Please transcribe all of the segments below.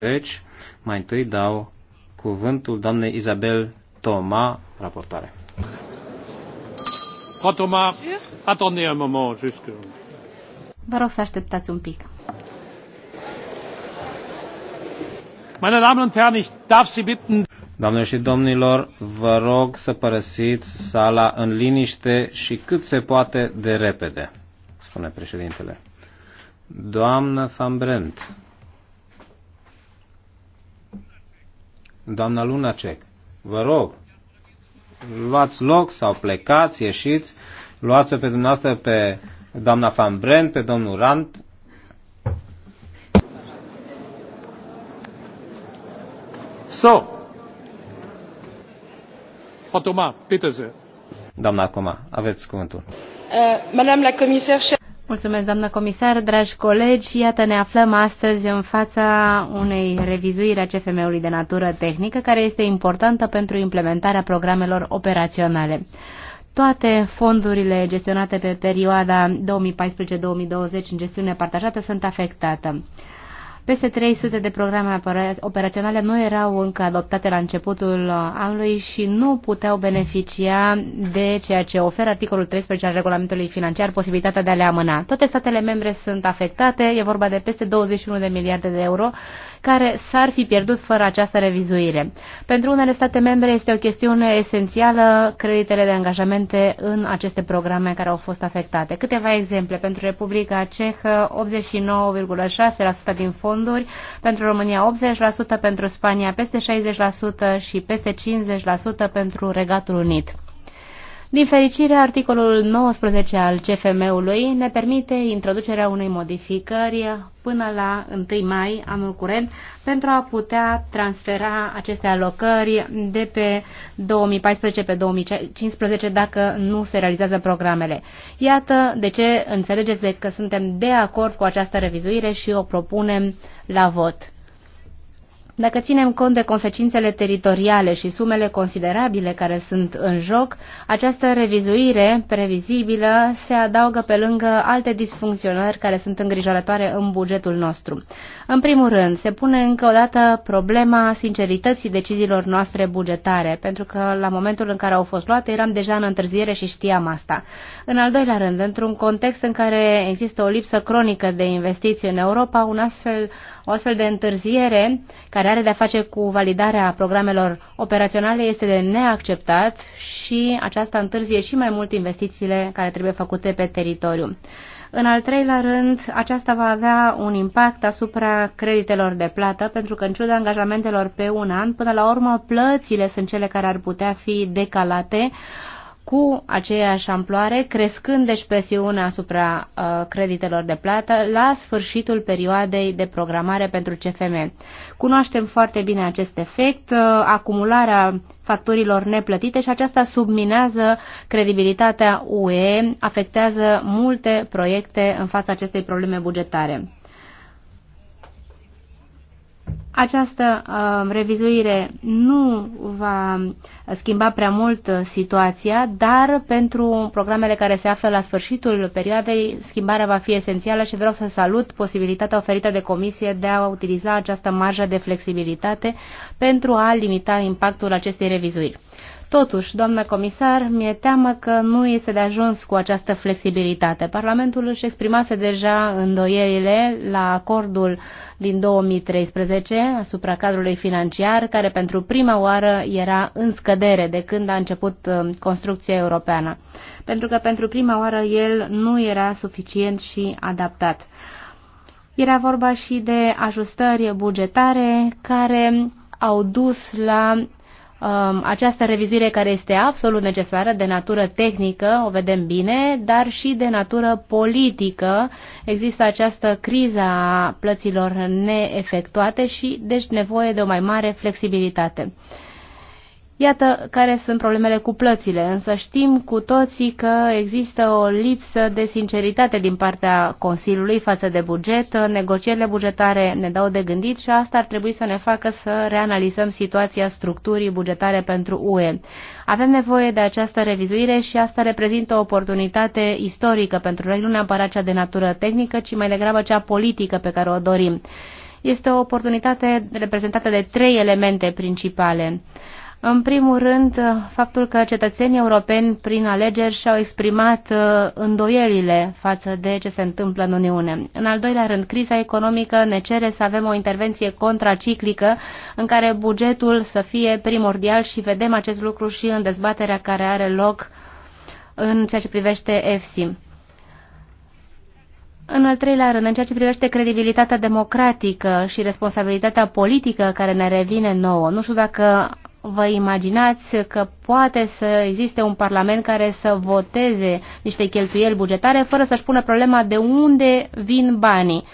Deci, mai întâi dau cuvântul doamnei Isabel Toma, raportare. Frau Toma, attendez un moment jusque. Vă rog să așteptați un pic. Meine Damen und Herren, ich darf Sie bitten. Doamne și domnilor, vă rog să părăsiți sala în liniște și cât se poate de repede, spune președintele. Doamnă Fambrent. Doamna Lunacek, vă rog, luați loc sau plecați, ieșiți, luați-o pe dumneavoastră pe doamna Van Bren, pe domnul Rand, So, Frau Peterze. Doamna Coma, aveți cuvântul. Uh, Madame la Comisar, Mulțumesc, doamnă comisar, dragi colegi. Iată, ne aflăm astăzi în fața unei revizuiri a CFM-ului de natură tehnică, care este importantă pentru implementarea programelor operaționale. Toate fondurile gestionate pe perioada 2014-2020 în gestiune partajată sunt afectate. Peste 300 de programe operaționale nu erau încă adoptate la începutul anului și nu puteau beneficia de ceea ce oferă articolul 13 al regulamentului financiar, posibilitatea de a le amâna. Toate statele membre sunt afectate, e vorba de peste 21 de miliarde de euro care s-ar fi pierdut fără această revizuire. Pentru unele state membre este o chestiune esențială creditele de angajamente în aceste programe care au fost afectate. Câteva exemple. Pentru Republica Cehă 89,6% din fonduri, pentru România 80%, pentru Spania peste 60% și peste 50% pentru Regatul Unit. Din fericire, articolul 19 al CFM-ului ne permite introducerea unei modificări până la 1 mai anul curent pentru a putea transfera aceste alocări de pe 2014 pe 2015 dacă nu se realizează programele. Iată de ce înțelegeți că suntem de acord cu această revizuire și o propunem la vot. Dacă ținem cont de consecințele teritoriale și sumele considerabile care sunt în joc, această revizuire previzibilă se adaugă pe lângă alte disfuncționări care sunt îngrijorătoare în bugetul nostru. În primul rând, se pune încă o dată problema sincerității deciziilor noastre bugetare, pentru că la momentul în care au fost luate eram deja în întârziere și știam asta. În al doilea rând, într-un context în care există o lipsă cronică de investiții în Europa, un astfel o astfel de întârziere care are de-a face cu validarea programelor operaționale este de neacceptat și aceasta întârzie și mai mult investițiile care trebuie făcute pe teritoriu. În al treilea rând, aceasta va avea un impact asupra creditelor de plată, pentru că în ciuda angajamentelor pe un an, până la urmă plățile sunt cele care ar putea fi decalate cu aceeași amploare, crescând deci presiunea asupra uh, creditelor de plată la sfârșitul perioadei de programare pentru CFM. Cunoaștem foarte bine acest efect, uh, acumularea factorilor neplătite și aceasta subminează credibilitatea UE, afectează multe proiecte în fața acestei probleme bugetare. Această uh, revizuire nu va schimba prea mult uh, situația, dar pentru programele care se află la sfârșitul perioadei, schimbarea va fi esențială și vreau să salut posibilitatea oferită de comisie de a utiliza această marjă de flexibilitate pentru a limita impactul acestei revizuiri. Totuși, doamnă comisar, mi-e teamă că nu este de ajuns cu această flexibilitate. Parlamentul își exprimase deja îndoierile la acordul din 2013 asupra cadrului financiar, care pentru prima oară era în scădere de când a început uh, construcția europeană, pentru că pentru prima oară el nu era suficient și adaptat. Era vorba și de ajustări bugetare care au dus la Um, această revizuire care este absolut necesară de natură tehnică, o vedem bine, dar și de natură politică. Există această criză a plăților neefectuate și deci nevoie de o mai mare flexibilitate. Iată care sunt problemele cu plățile, însă știm cu toții că există o lipsă de sinceritate din partea Consiliului față de buget, negocierile bugetare ne dau de gândit și asta ar trebui să ne facă să reanalizăm situația structurii bugetare pentru UE. Avem nevoie de această revizuire și asta reprezintă o oportunitate istorică pentru noi, nu neapărat cea de natură tehnică, ci mai degrabă cea politică pe care o dorim. Este o oportunitate reprezentată de trei elemente principale în primul rând, faptul că cetățenii europeni prin alegeri și-au exprimat uh, îndoielile față de ce se întâmplă în Uniune. În al doilea rând, criza economică ne cere să avem o intervenție contraciclică în care bugetul să fie primordial și vedem acest lucru și în dezbaterea care are loc în ceea ce privește EFSI. În al treilea rând, în ceea ce privește credibilitatea democratică și responsabilitatea politică care ne revine nouă, nu știu dacă vă imaginați că poate să existe un parlament care să voteze niște cheltuieli bugetare fără să-și pună problema de unde vin banii.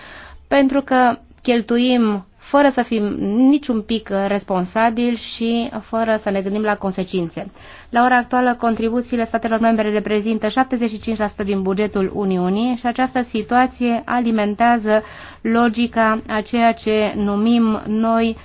Pentru că cheltuim fără să fim niciun pic responsabili și fără să ne gândim la consecințe. La ora actuală, contribuțiile statelor membre reprezintă 75% din bugetul Uniunii și această situație alimentează logica a ceea ce numim noi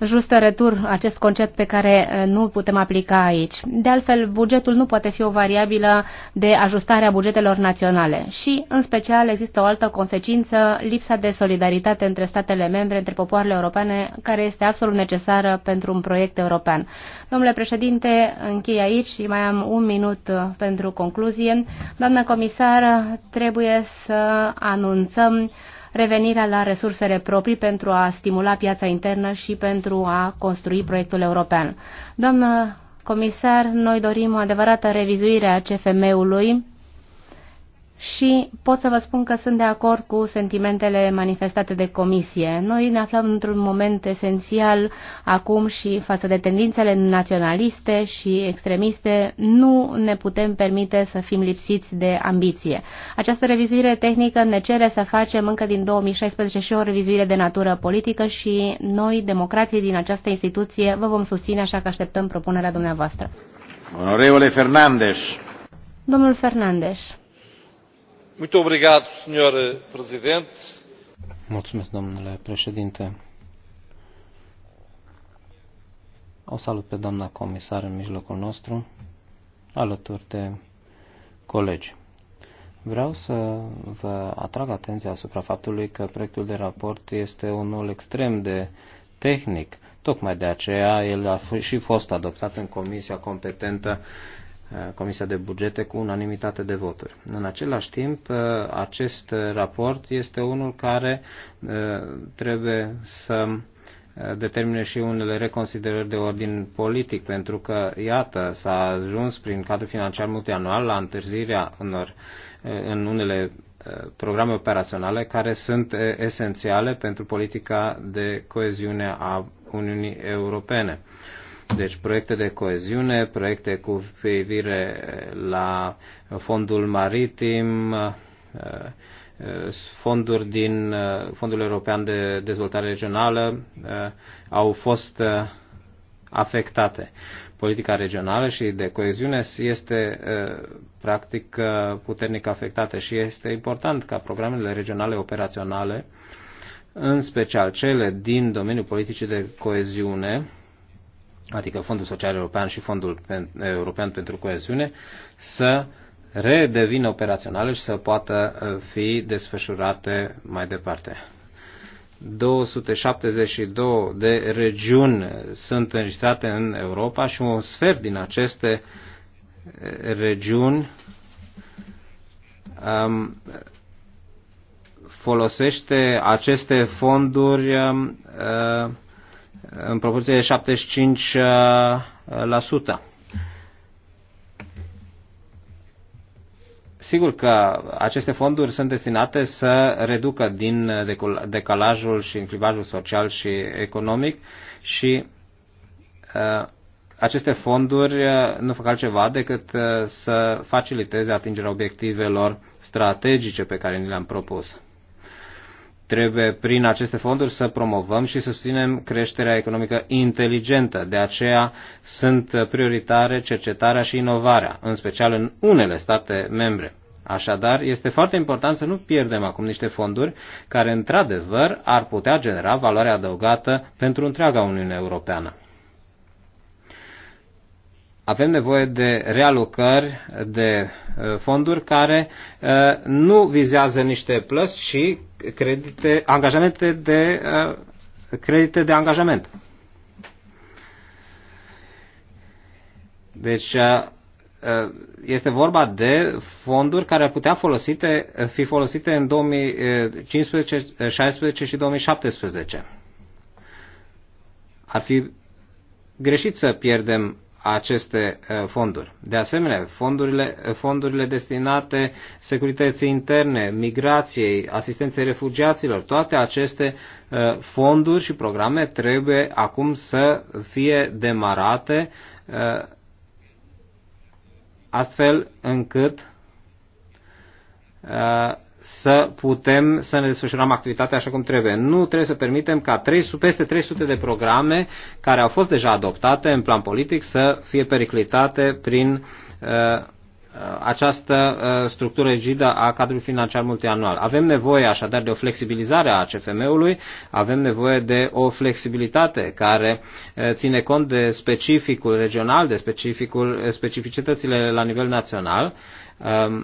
justă retur, acest concept pe care eh, nu putem aplica aici. De altfel, bugetul nu poate fi o variabilă de ajustare a bugetelor naționale și, în special, există o altă consecință, lipsa de solidaritate între statele membre, între popoarele europene, care este absolut necesară pentru un proiect european. Domnule președinte, închei aici și mai am un minut eh, pentru concluzie. Doamna comisară, trebuie să anunțăm revenirea la resursele proprii pentru a stimula piața internă și pentru a construi proiectul european. Doamnă comisar, noi dorim o adevărată revizuire a CFM-ului și pot să vă spun că sunt de acord cu sentimentele manifestate de comisie. Noi ne aflăm într-un moment esențial acum și față de tendințele naționaliste și extremiste, nu ne putem permite să fim lipsiți de ambiție. Această revizuire tehnică ne cere să facem încă din 2016 și o revizuire de natură politică și noi, democrații din această instituție, vă vom susține, așa că așteptăm propunerea dumneavoastră. Onorevole Fernandes. Domnul Fernandes domnule președinte. O salut pe doamna comisar în mijlocul nostru, alături de colegi. Vreau să vă atrag atenția asupra faptului că proiectul de raport este unul extrem de tehnic. Tocmai de aceea el a și fost adoptat în comisia competentă Uh, Comisia de Bugete cu unanimitate de voturi. În același timp, uh, acest raport este unul care uh, trebuie să determine și unele reconsiderări de ordin politic, pentru că, iată, s-a ajuns prin cadrul financiar multianual la întârzirea unor, în unele programe operaționale care sunt esențiale pentru politica de coeziune a Uniunii Europene deci proiecte de coeziune, proiecte cu privire la fondul maritim, uh, uh, fonduri din uh, Fondul European de Dezvoltare Regională au fost afectate. Politica regională și de coeziune este practic puternic afectată și este important ca programele regionale operaționale, în special cele din domeniul politicii de coeziune, adică Fondul Social European și Fondul European pentru Coeziune, să redevină operaționale și să poată uh, fi desfășurate mai departe. 272 de regiuni sunt înregistrate în Europa și un sfert din aceste uh, regiuni um, folosește aceste fonduri um, uh, în proporție de 75%. Uh, Sigur că aceste fonduri sunt destinate să reducă din decalajul și clivajul social și economic și uh, aceste fonduri uh, nu fac altceva decât să faciliteze atingerea obiectivelor strategice pe care ni le-am propus. Trebuie prin aceste fonduri să promovăm și să susținem creșterea economică inteligentă. De aceea sunt prioritare cercetarea și inovarea, în special în unele state membre. Așadar, este foarte important să nu pierdem acum niște fonduri care, într-adevăr, ar putea genera valoare adăugată pentru întreaga Uniune Europeană. Avem nevoie de realocări de uh, fonduri care uh, nu vizează niște plăți, ci credite, angajamente de uh, credite de angajament. Deci uh, uh, este vorba de fonduri care ar putea folosite, fi folosite în 2015, 2016 și 2017. Ar fi greșit să pierdem aceste uh, fonduri. De asemenea, fondurile, uh, fondurile destinate securității interne, migrației, asistenței refugiaților, toate aceste uh, fonduri și programe trebuie acum să fie demarate astfel încât să putem să ne desfășurăm activitatea așa cum trebuie. Nu trebuie să permitem ca 300, peste 300 de programe care au fost deja adoptate în plan politic să fie periclitate prin uh, uh, această uh, structură rigidă a cadrului financiar multianual. Avem nevoie așadar de o flexibilizare a CFM-ului, avem nevoie de o flexibilitate care uh, ține cont de specificul regional, de specificul, uh, specificitățile la nivel național. Uh,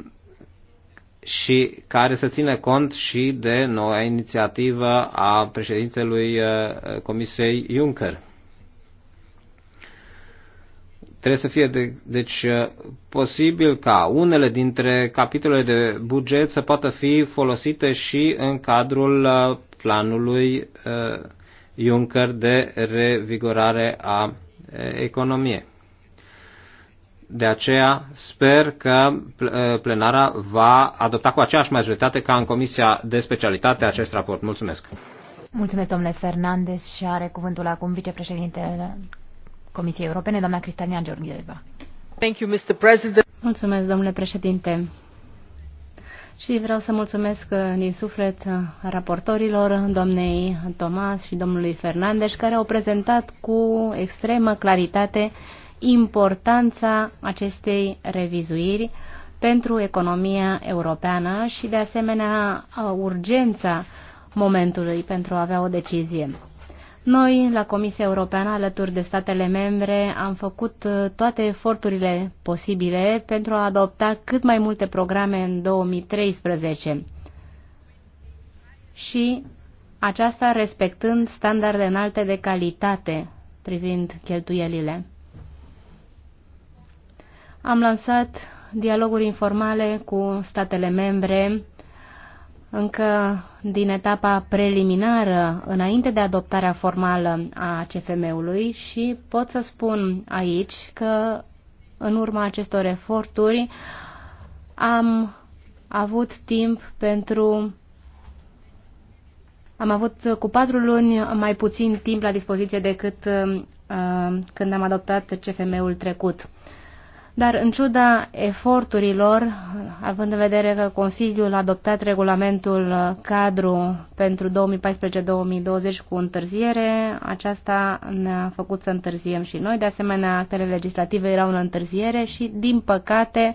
și care să țină cont și de noua inițiativă a președintelui uh, Comisiei Juncker. Trebuie să fie, de, deci, uh, posibil ca unele dintre capitolele de buget să poată fi folosite și în cadrul uh, planului Juncker de revigorare a economiei. De aceea sper că plenara va adopta cu aceeași majoritate ca în Comisia de Specialitate acest raport. Mulțumesc! Mulțumesc, domnule Fernandez, și are cuvântul acum vicepreședintele Comisiei Europene, doamna Cristalina Georgieva. Thank you, Mr. President. Mulțumesc, domnule președinte. Și vreau să mulțumesc din suflet raportorilor, doamnei Tomas și domnului Fernandez, care au prezentat cu extremă claritate importanța acestei revizuiri pentru economia europeană și, de asemenea, urgența momentului pentru a avea o decizie. Noi, la Comisia Europeană, alături de statele membre, am făcut uh, toate eforturile posibile pentru a adopta cât mai multe programe în 2013 și aceasta respectând standarde înalte de calitate privind cheltuielile. Am lansat dialoguri informale cu statele membre încă din etapa preliminară, înainte de adoptarea formală a CFM-ului și pot să spun aici că în urma acestor eforturi am avut timp pentru am avut cu patru luni mai puțin timp la dispoziție decât uh, când am adoptat CFM-ul trecut. Dar în ciuda eforturilor, având în vedere că Consiliul a adoptat regulamentul uh, cadru pentru 2014-2020 cu întârziere, aceasta ne-a făcut să întârziem și noi. De asemenea, actele legislative erau în întârziere și, din păcate,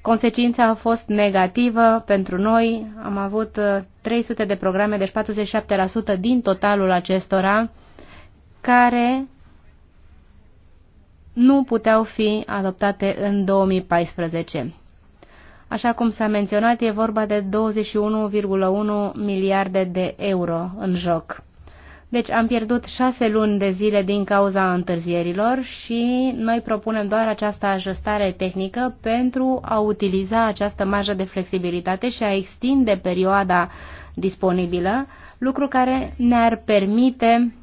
Consecința a fost negativă pentru noi. Am avut 300 uh, de programe, deci 47% din totalul acestora, care nu puteau fi adoptate în 2014. Așa cum s-a menționat, e vorba de 21,1 miliarde de euro în joc. Deci am pierdut șase luni de zile din cauza întârzierilor și noi propunem doar această ajustare tehnică pentru a utiliza această marjă de flexibilitate și a extinde perioada disponibilă, lucru care ne-ar permite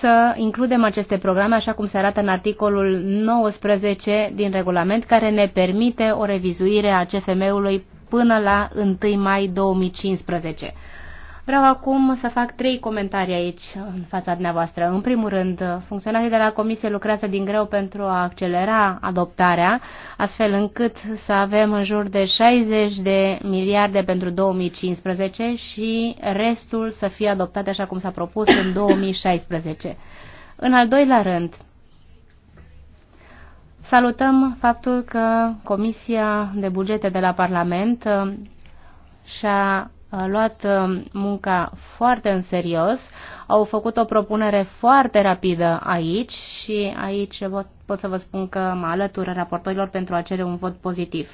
să includem aceste programe, așa cum se arată în articolul 19 din regulament, care ne permite o revizuire a CFM-ului până la 1 mai 2015. Vreau acum să fac trei comentarii aici, în fața dumneavoastră. În primul rând, funcționarii de la Comisie lucrează din greu pentru a accelera adoptarea, astfel încât să avem în jur de 60 de miliarde pentru 2015 și restul să fie adoptat așa cum s-a propus în 2016. În al doilea rând, salutăm faptul că Comisia de Bugete de la Parlament uh, și-a luat uh, munca foarte în serios, au făcut o propunere foarte rapidă aici și aici pot să vă spun că mă alătur raportorilor pentru a cere un vot pozitiv.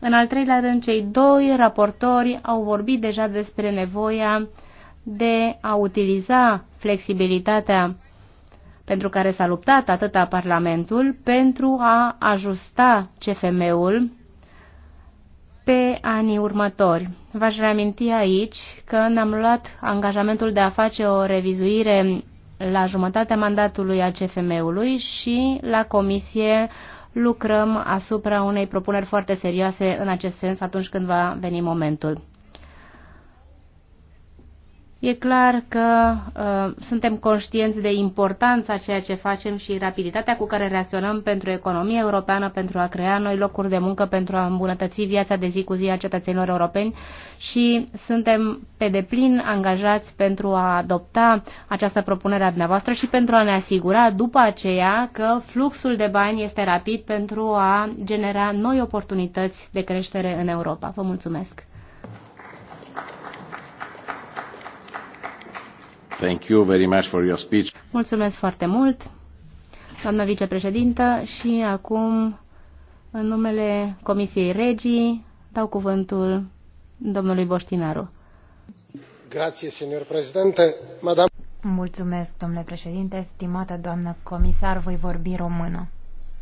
În al treilea rând, cei doi raportori au vorbit deja despre nevoia de a utiliza flexibilitatea pentru care s-a luptat atâta Parlamentul pentru a ajusta CFM-ul pe anii următori. V-aș reaminti aici că ne-am luat angajamentul de a face o revizuire la jumătatea mandatului a CFM-ului și la comisie lucrăm asupra unei propuneri foarte serioase în acest sens atunci când va veni momentul. E clar că uh, suntem conștienți de importanța ceea ce facem și rapiditatea cu care reacționăm pentru economia europeană, pentru a crea noi locuri de muncă, pentru a îmbunătăți viața de zi cu zi a cetățenilor europeni și suntem pe deplin angajați pentru a adopta această propunere a dumneavoastră și pentru a ne asigura după aceea că fluxul de bani este rapid pentru a genera noi oportunități de creștere în Europa. Vă mulțumesc! Thank you very much for your speech. Mulțumesc foarte mult, doamnă vicepreședintă, și acum, în numele Comisiei Regii, dau cuvântul domnului Boștinaru. Grazie, signor președinte. Madame... Mulțumesc, domnule președinte, stimată doamnă comisar, voi vorbi română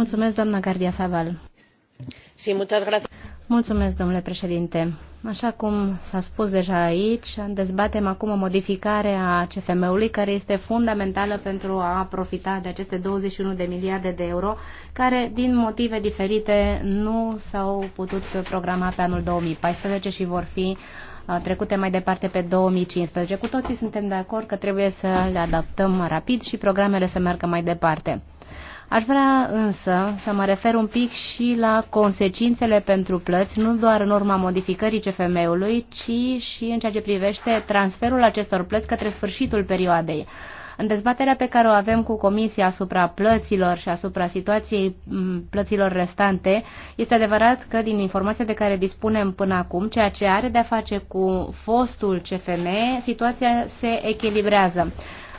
Mulțumesc, doamna Gardia Zaval. Sí, Mulțumesc, domnule președinte. Așa cum s-a spus deja aici, dezbatem acum o modificare a CFM-ului care este fundamentală pentru a profita de aceste 21 de miliarde de euro care, din motive diferite, nu s-au putut programa pe anul 2014 și vor fi uh, trecute mai departe pe 2015. Cu toții suntem de acord că trebuie să le adaptăm rapid și programele să meargă mai departe. Aș vrea însă să mă refer un pic și la consecințele pentru plăți, nu doar în urma modificării CFM-ului, ci și în ceea ce privește transferul acestor plăți către sfârșitul perioadei. În dezbaterea pe care o avem cu Comisia asupra plăților și asupra situației plăților restante, este adevărat că din informația de care dispunem până acum, ceea ce are de-a face cu fostul CFM, situația se echilibrează.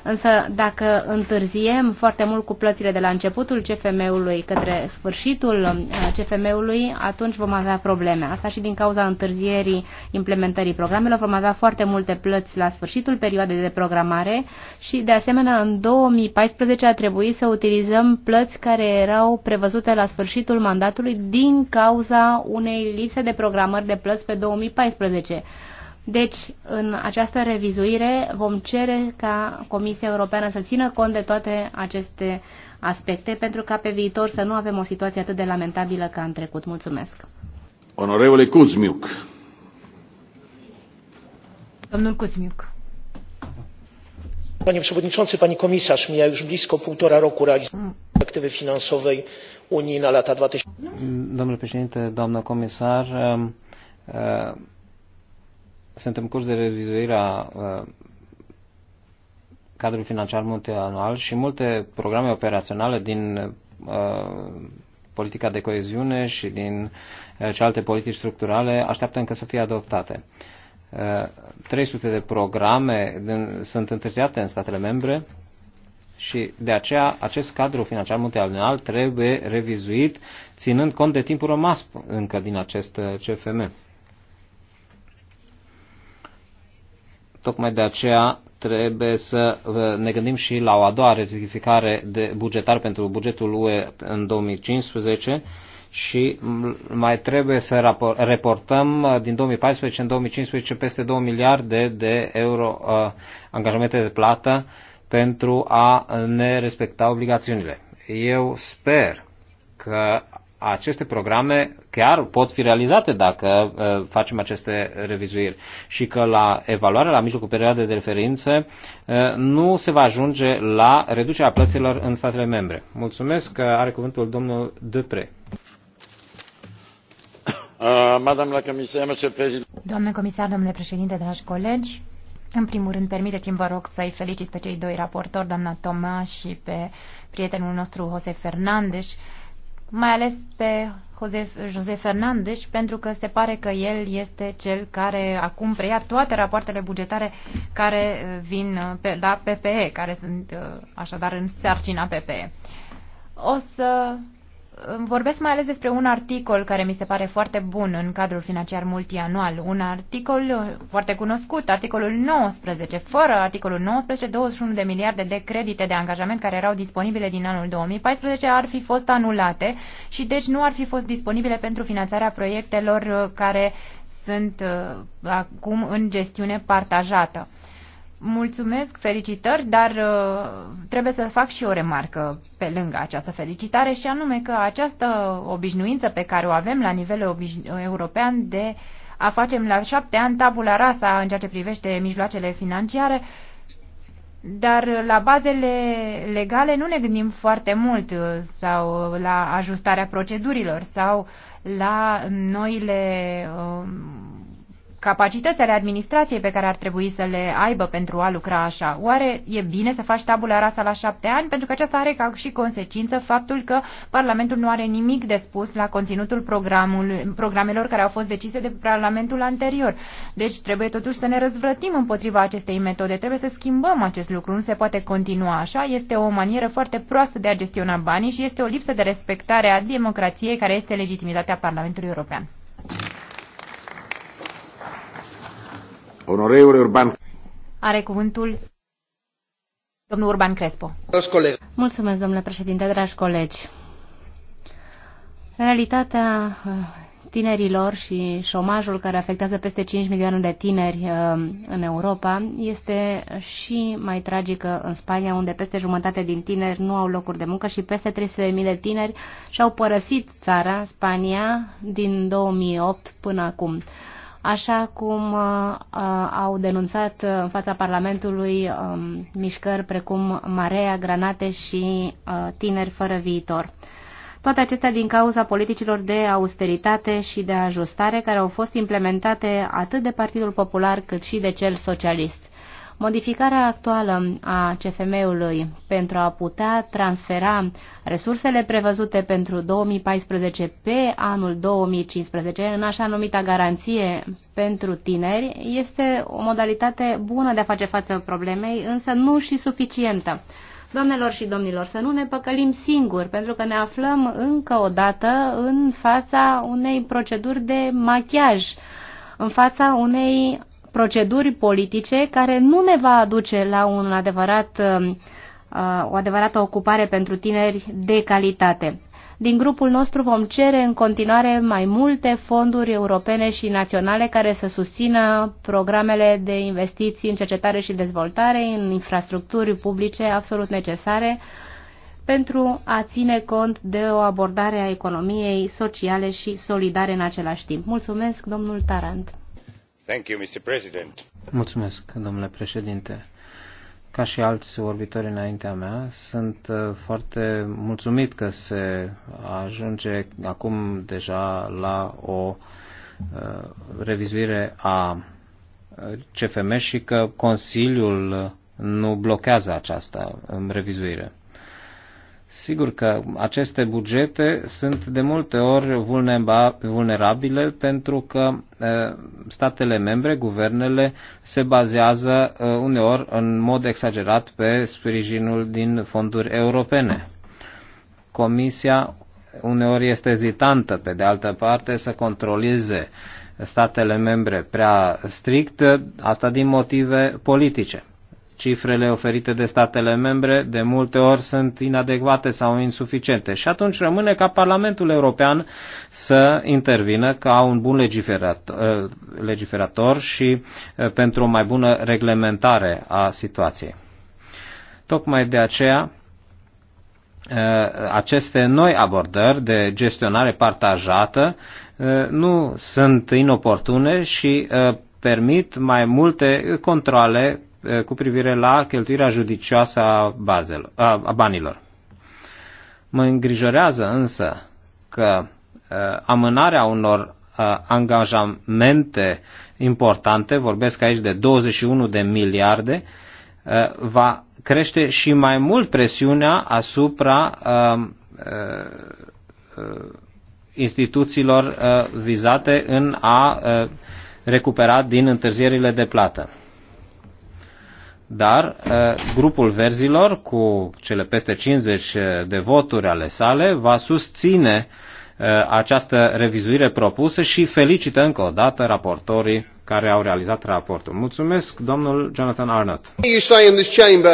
Însă dacă întârziem foarte mult cu plățile de la începutul CFM-ului către sfârșitul uh, CFM-ului, atunci vom avea probleme. Asta și din cauza întârzierii implementării programelor vom avea foarte multe plăți la sfârșitul perioadei de programare și de asemenea în 2014 a trebuit să utilizăm plăți care erau prevăzute la sfârșitul mandatului din cauza unei lipse de programări de plăți pe 2014. Deci, în această revizuire vom cere ca Comisia Europeană să țină cont de toate aceste aspecte pentru ca pe viitor să nu avem o situație atât de lamentabilă ca în trecut. Mulțumesc. Onorevole Kuzmiuc. Domnul Kuzmiuc. Panie Przewodniczący, Pani Komisarz, mija już blisko półtora roku realizacji perspektywy mm. finansowej Unii na lata 2000. Domnule Președinte, doamnă comisar, uh, uh, sunt în curs de revizuire a uh, cadrului financiar multianual și multe programe operaționale din uh, politica de coeziune și din uh, politici structurale așteaptă încă să fie adoptate. Uh, 300 de programe din, sunt întârziate în statele membre și de aceea acest cadru financiar multianual trebuie revizuit ținând cont de timpul rămas încă din acest uh, CFM. Tocmai de aceea trebuie să ne gândim și la o a doua rectificare de bugetar pentru bugetul UE în 2015 și mai trebuie să reportăm uh, din 2014 în 2015 peste 2 miliarde de euro uh, angajamente de plată pentru a ne respecta obligațiunile. Eu sper că aceste programe chiar pot fi realizate dacă uh, facem aceste revizuiri și că la evaluare, la mijlocul perioadei de referință, uh, nu se va ajunge la reducerea plăților în statele membre. Mulțumesc că are cuvântul domnul Dupre. Uh, Doamne comisar, domnule președinte, dragi colegi, în primul rând, permiteți-mi, vă rog, să-i felicit pe cei doi raportori, doamna Toma și pe prietenul nostru Jose Fernandes, mai ales pe Jose, Jose Fernandes, pentru că se pare că el este cel care acum preia toate rapoartele bugetare care uh, vin uh, pe, la PPE, care sunt uh, așadar în sarcina PPE. O să vorbesc mai ales despre un articol care mi se pare foarte bun în cadrul financiar multianual, un articol foarte cunoscut, articolul 19. Fără articolul 19, 21 de miliarde de credite de angajament care erau disponibile din anul 2014 ar fi fost anulate și deci nu ar fi fost disponibile pentru finanțarea proiectelor care sunt uh, acum în gestiune partajată. Mulțumesc, felicitări, dar uh, trebuie să fac și o remarcă pe lângă această felicitare și anume că această obișnuință pe care o avem la nivel european de a facem la șapte ani tabula rasa în ceea ce privește mijloacele financiare, dar la bazele legale nu ne gândim foarte mult uh, sau la ajustarea procedurilor sau la noile uh, capacitățile administrației pe care ar trebui să le aibă pentru a lucra așa. Oare e bine să faci tabula rasa la șapte ani? Pentru că aceasta are ca și consecință faptul că Parlamentul nu are nimic de spus la conținutul programelor care au fost decise de Parlamentul anterior. Deci trebuie totuși să ne răzvrătim împotriva acestei metode. Trebuie să schimbăm acest lucru. Nu se poate continua așa. Este o manieră foarte proastă de a gestiona banii și este o lipsă de respectare a democrației care este legitimitatea Parlamentului European. Onorevole Urban. Are cuvântul domnul Urban Crespo. Mulțumesc, domnule președinte, dragi colegi. Realitatea uh, tinerilor și șomajul care afectează peste 5 milioane de tineri uh, în Europa este și mai tragică în Spania, unde peste jumătate din tineri nu au locuri de muncă și peste 300.000 de tineri și-au părăsit țara, Spania, din 2008 până acum așa cum uh, uh, au denunțat uh, în fața Parlamentului um, mișcări precum Marea, Granate și Tineri fără viitor. Toate acestea din cauza politicilor de austeritate și de ajustare care au fost implementate atât de Partidul Popular cât și de cel socialist. Modificarea actuală a CFM-ului pentru a putea transfera resursele prevăzute pentru 2014 pe anul 2015 în așa numita garanție pentru tineri este o modalitate bună de a face față problemei, însă nu și suficientă. Doamnelor și domnilor, să nu ne păcălim singuri, pentru că ne aflăm încă o dată în fața unei proceduri de machiaj, în fața unei proceduri politice care nu ne va aduce la un adevărat, um, uh, o adevărată ocupare pentru tineri de calitate. Din grupul nostru vom cere în continuare mai multe fonduri europene și naționale care să susțină programele de investiții în cercetare și dezvoltare, în infrastructuri publice absolut necesare, pentru a ține cont de o abordare a economiei sociale și solidare în același timp. Mulțumesc, domnul Tarant. Mulțumesc, domnule președinte. Ca și alți vorbitori înaintea mea, sunt uh, foarte mulțumit că se ajunge acum deja la o uh, revizuire a uh, CFM și că Consiliul nu blochează această um, revizuire. Sigur că aceste bugete sunt de multe ori vulnerabile pentru că statele membre, guvernele, se bazează uneori în mod exagerat pe sprijinul din fonduri europene. Comisia uneori este ezitantă, pe de altă parte, să controleze statele membre prea strict, asta din motive politice cifrele oferite de statele membre de multe ori sunt inadecvate sau insuficiente. Și atunci rămâne ca Parlamentul European să intervină ca un bun legiferator, uh, legiferator și uh, pentru o mai bună reglementare a situației. Tocmai de aceea uh, aceste noi abordări de gestionare partajată nu sunt inoportune și permit mai multe controle Eh, cu privire la cheltuirea judicioasă a, bazelor, a, a banilor. Mă îngrijorează însă că uh, amânarea unor uh, angajamente importante, vorbesc aici de 21 de miliarde, uh, va crește și mai mult presiunea asupra uh, uh, instituțiilor uh, vizate în a uh, recupera din întârzierile de plată dar uh, grupul verzilor, cu cele peste 50 de voturi ale sale, va susține uh, această revizuire propusă și felicită încă o dată raportorii care au realizat raportul. Mulțumesc, domnul Jonathan Arnott.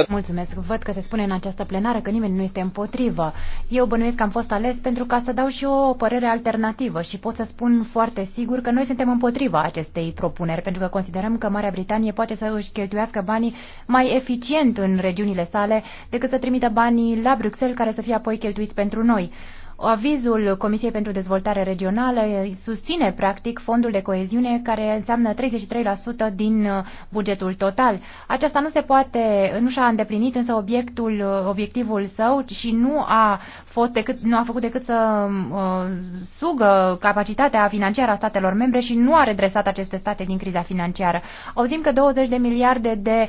Mulțumesc. Văd că se spune în această plenară că nimeni nu este împotrivă. Eu bănuiesc că am fost ales pentru ca să dau și eu o părere alternativă și pot să spun foarte sigur că noi suntem împotriva acestei propuneri, pentru că considerăm că Marea Britanie poate să își cheltuiască banii mai eficient în regiunile sale decât să trimită banii la Bruxelles care să fie apoi cheltuiți pentru noi. Avizul Comisiei pentru Dezvoltare Regională susține, practic, fondul de coeziune, care înseamnă 33% din uh, bugetul total. Aceasta nu se poate, nu și-a îndeplinit însă obiectul, uh, obiectivul său și nu a, fost decât, nu a făcut decât să um, uh, sugă capacitatea financiară a statelor membre și nu a redresat aceste state din criza financiară. Auzim că 20 de miliarde de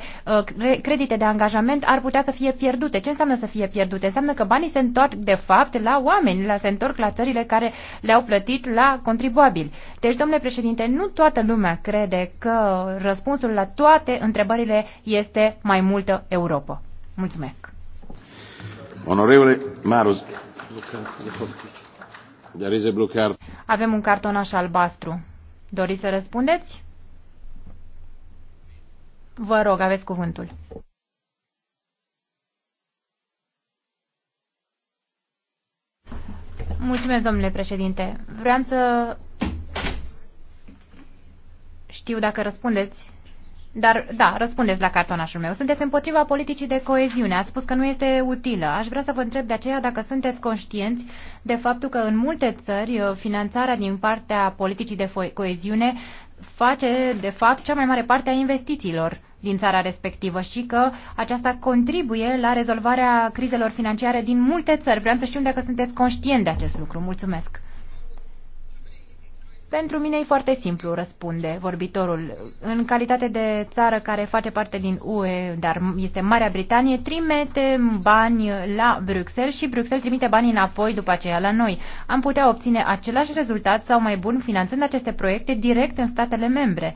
uh, credite de angajament ar putea să fie pierdute. Ce înseamnă să fie pierdute? Înseamnă că banii se întorc, de fapt, la oameni, la, se întorc la țările care le-au plătit la contribuabili. Deci, domnule președinte, nu toată lumea crede că răspunsul la toate întrebările este mai multă Europa. Mulțumesc. Onorevole Maros. Avem un cartonaș albastru. Doriți să răspundeți? Vă rog, aveți cuvântul. Mulțumesc, domnule președinte. Vreau să știu dacă răspundeți. Dar, da, răspundeți la cartonașul meu. Sunteți împotriva politicii de coeziune. Ați spus că nu este utilă. Aș vrea să vă întreb de aceea dacă sunteți conștienți de faptul că în multe țări uh, finanțarea din partea politicii de coeziune face, de fapt, cea mai mare parte a investițiilor din țara respectivă și că aceasta contribuie la rezolvarea crizelor financiare din multe țări. Vreau să știu dacă sunteți conștient de acest lucru. Mulțumesc! Pentru mine e foarte simplu, răspunde vorbitorul. În calitate de țară care face parte din UE, dar este Marea Britanie, trimite bani la Bruxelles și Bruxelles trimite bani înapoi după aceea la noi. Am putea obține același rezultat sau mai bun finanțând aceste proiecte direct în statele membre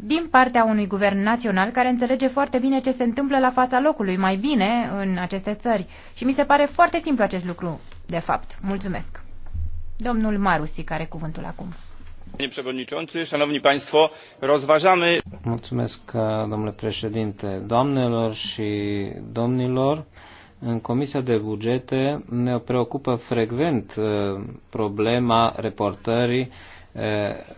din partea unui guvern național care înțelege foarte bine ce se întâmplă la fața locului, mai bine în aceste țări. Și mi se pare foarte simplu acest lucru, de fapt. Mulțumesc. Domnul Marusi, care cuvântul acum. Panie przewodniczący, szanowni państwo, rozważamy. Mulțumesc, domnule președinte, doamnelor și domnilor. În Comisia de Bugete ne preocupă frecvent eh, problema reportării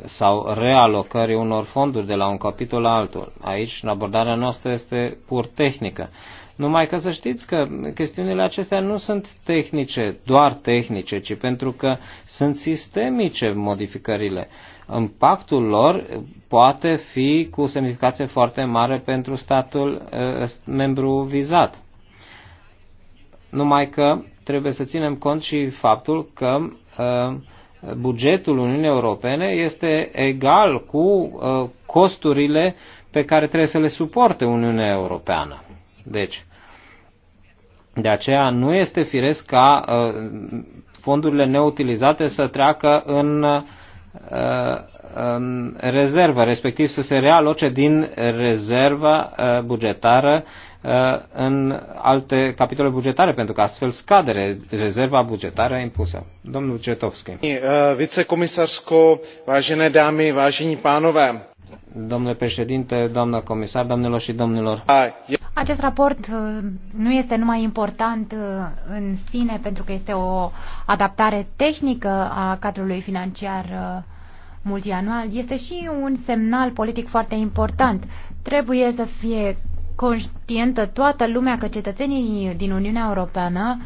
sau realocării unor fonduri de la un capitol la altul. Aici, în abordarea noastră, este pur tehnică. Numai că să știți că chestiunile acestea nu sunt tehnice, doar tehnice, ci pentru că sunt sistemice modificările. Impactul lor poate fi cu semnificație foarte mare pentru statul membru vizat. Numai că trebuie să ținem cont și faptul că uh, bugetul Uniunii Europene este egal cu uh, costurile pe care trebuie să le suporte Uniunea Europeană. Deci, de aceea nu este firesc ca uh, fondurile neutilizate să treacă în, uh, în rezervă, respectiv să se realoce din rezerva bugetară Uh, în alte capitole bugetare, pentru că astfel scade rezerva bugetară impusă. Domnul Cetovski. Eh, vicecomisarsko, vážené dámy, vážení pánové. Domnule președinte, doamnă comisar, domnilor și domnilor. Acest raport uh, nu este numai important uh, în sine pentru că este o adaptare tehnică a cadrului financiar multianual, este și un semnal politic foarte important. Trebuie să fie conștientă toată lumea că cetățenii din Uniunea Europeană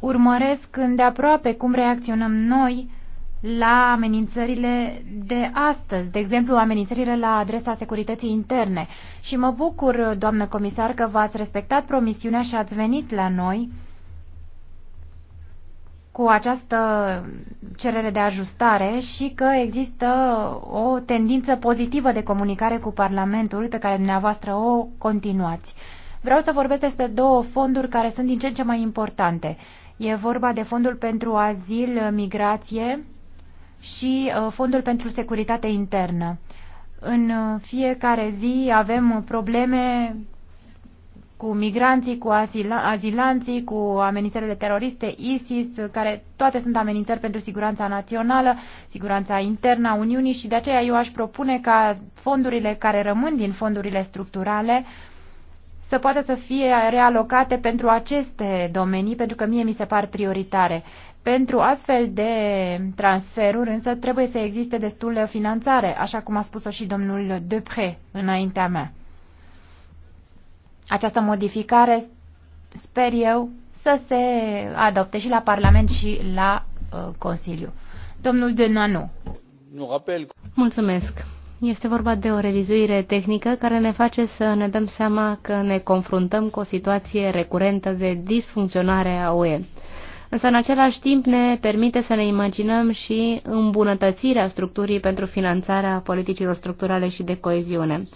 urmăresc îndeaproape cum reacționăm noi la amenințările de astăzi, de exemplu amenințările la adresa securității interne. Și mă bucur, doamnă comisar, că v-ați respectat promisiunea și ați venit la noi cu această cerere de ajustare și că există o tendință pozitivă de comunicare cu Parlamentul pe care dumneavoastră o continuați. Vreau să vorbesc despre două fonduri care sunt din ce în ce mai importante. E vorba de fondul pentru azil, migrație și uh, fondul pentru securitate internă. În uh, fiecare zi avem probleme cu migranții, cu azila, azilanții, cu amenințările teroriste, ISIS, care toate sunt amenințări pentru siguranța națională, siguranța internă a Uniunii și de aceea eu aș propune ca fondurile care rămân din fondurile structurale să poată să fie realocate pentru aceste domenii, pentru că mie mi se par prioritare. Pentru astfel de transferuri însă trebuie să existe destulă finanțare, așa cum a spus-o și domnul Depre înaintea mea această modificare, sper eu, să se adopte și la Parlament și la uh, Consiliu. Domnul Denanu. Mulțumesc. Este vorba de o revizuire tehnică care ne face să ne dăm seama că ne confruntăm cu o situație recurentă de disfuncționare a UE. Însă, în același timp, ne permite să ne imaginăm și îmbunătățirea structurii pentru finanțarea politicilor structurale și de coeziune.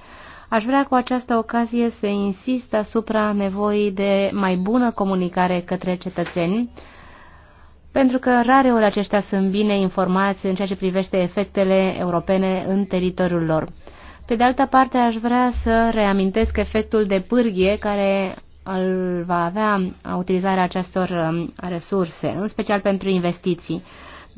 Aș vrea cu această ocazie să insist asupra nevoii de mai bună comunicare către cetățeni, pentru că rare ori aceștia sunt bine informați în ceea ce privește efectele europene în teritoriul lor. Pe de altă parte, aș vrea să reamintesc efectul de pârghie care îl va avea utilizarea acestor um, resurse, în special pentru investiții.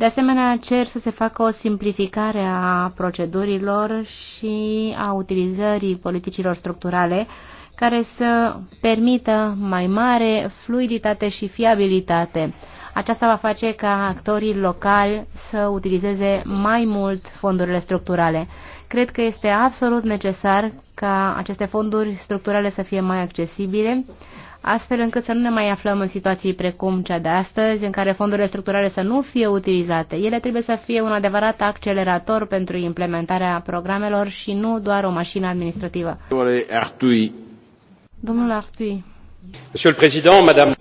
De asemenea, cer să se facă o simplificare a procedurilor și a utilizării politicilor structurale care să permită mai mare fluiditate și fiabilitate. Aceasta va face ca actorii locali să utilizeze mai mult fondurile structurale. Cred că este absolut necesar ca aceste fonduri structurale să fie mai accesibile, astfel încât să nu ne mai aflăm în situații precum cea de astăzi, în care fondurile structurale să nu fie utilizate. Ele trebuie să fie un adevărat accelerator pentru implementarea programelor și nu doar o mașină administrativă. Artui. Domnul Artui. Monsieur le Président, Madame...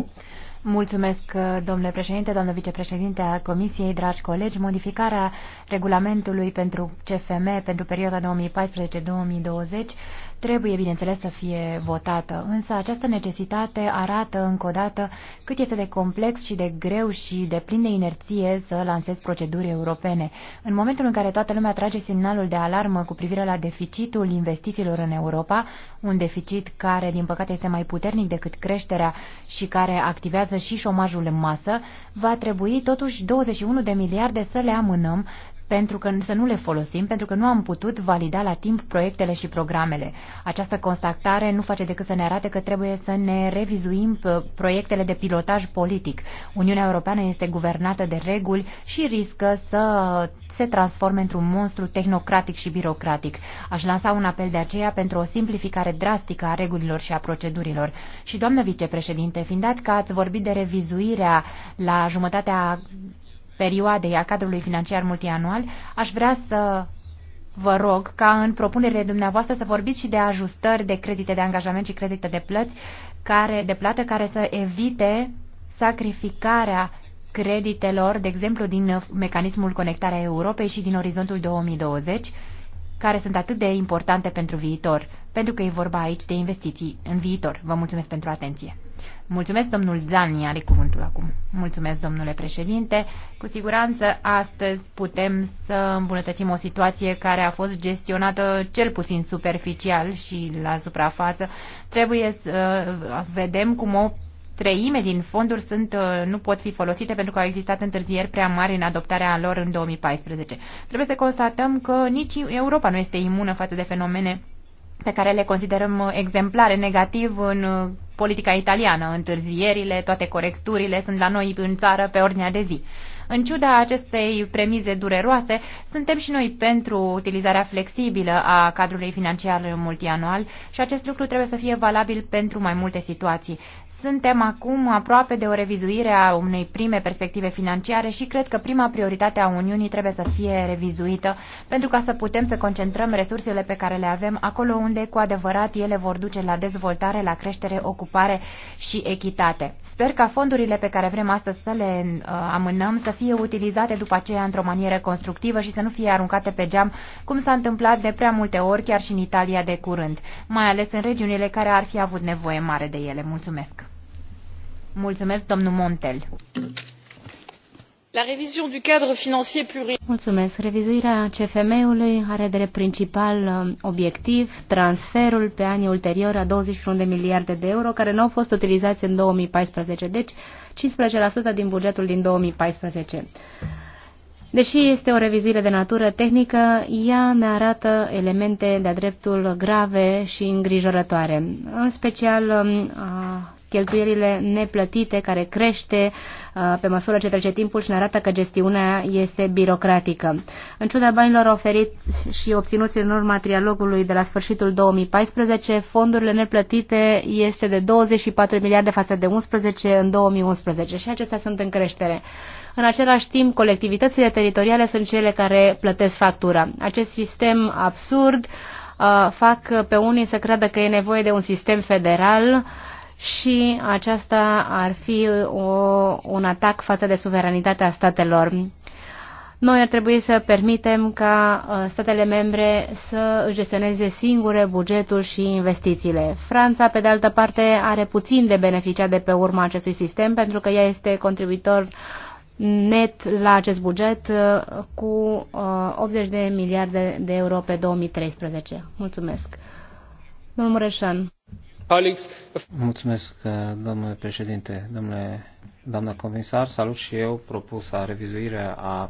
Mulțumesc, domnule președinte, domnule vicepreședinte al Comisiei, dragi colegi. Modificarea regulamentului pentru CFM pentru perioada 2014-2020 trebuie, bineînțeles, să fie votată, însă această necesitate arată încă o dată cât este de complex și de greu și de plin de inerție să lansezi proceduri europene. În momentul în care toată lumea trage semnalul de alarmă cu privire la deficitul investițiilor în Europa, un deficit care, din păcate, este mai puternic decât creșterea și care activează și șomajul în masă, va trebui totuși 21 de miliarde să le amânăm pentru că să nu le folosim, pentru că nu am putut valida la timp proiectele și programele. Această constatare nu face decât să ne arate că trebuie să ne revizuim uh, proiectele de pilotaj politic. Uniunea Europeană este guvernată de reguli și riscă să se transforme într-un monstru tehnocratic și birocratic. Aș lansa un apel de aceea pentru o simplificare drastică a regulilor și a procedurilor. Și, doamnă vicepreședinte, fiind dat că ați vorbit de revizuirea la jumătatea perioadei a cadrului financiar multianual, aș vrea să vă rog ca în propunerile dumneavoastră să vorbiți și de ajustări de credite de angajament și credite de plăți care, de plată care să evite sacrificarea creditelor, de exemplu, din mecanismul conectarea Europei și din orizontul 2020, care sunt atât de importante pentru viitor, pentru că e vorba aici de investiții în viitor. Vă mulțumesc pentru atenție. Mulțumesc, domnul Zani are cuvântul acum. Mulțumesc, domnule președinte. Cu siguranță astăzi putem să îmbunătățim o situație care a fost gestionată cel puțin superficial și la suprafață. Trebuie să vedem cum o treime din fonduri sunt, nu pot fi folosite pentru că au existat întârzieri prea mari în adoptarea lor în 2014. Trebuie să constatăm că nici Europa nu este imună față de fenomene pe care le considerăm exemplare negativ în politica italiană. Întârzierile, toate corecturile sunt la noi în țară pe ordinea de zi. În ciuda acestei premize dureroase, suntem și noi pentru utilizarea flexibilă a cadrului financiar multianual și acest lucru trebuie să fie valabil pentru mai multe situații. Suntem acum aproape de o revizuire a unei prime perspective financiare și cred că prima prioritate a Uniunii trebuie să fie revizuită pentru ca să putem să concentrăm resursele pe care le avem acolo unde cu adevărat ele vor duce la dezvoltare, la creștere, ocupare și echitate. Sper ca fondurile pe care vrem astăzi să le uh, amânăm să fie utilizate după aceea într-o manieră constructivă și să nu fie aruncate pe geam, cum s-a întâmplat de prea multe ori chiar și în Italia de curând, mai ales în regiunile care ar fi avut nevoie mare de ele. Mulțumesc! Mulțumesc, domnul Montel. La revizion du cadre financier Mulțumesc. Revizuirea CFM-ului are de principal um, obiectiv transferul pe anii ulterior a 21 de miliarde de euro care nu au fost utilizați în 2014, deci 15% din bugetul din 2014. Deși este o revizuire de natură tehnică, ea ne arată elemente de-a dreptul grave și îngrijorătoare. În special, um, cheltuierile neplătite care crește uh, pe măsură ce trece timpul și ne arată că gestiunea este birocratică. În ciuda banilor oferiți și obținuți în urma trialogului de la sfârșitul 2014, fondurile neplătite este de 24 miliarde față de 11 în 2011 și acestea sunt în creștere. În același timp, colectivitățile teritoriale sunt cele care plătesc factura. Acest sistem absurd uh, fac pe unii să creadă că e nevoie de un sistem federal uh, și aceasta ar fi o, un atac față de suveranitatea statelor. Noi ar trebui să permitem ca uh, statele membre să își gestioneze singure bugetul și investițiile. Franța, pe de altă parte, are puțin de beneficiat de pe urma acestui sistem pentru că ea este contribuitor net la acest buget uh, cu 80 uh, de miliarde de euro pe 2013. Mulțumesc. Domnul Mureșan. Mulțumesc, uh, domnule președinte, domnule, doamna comisar. Salut și eu propusa revizuire a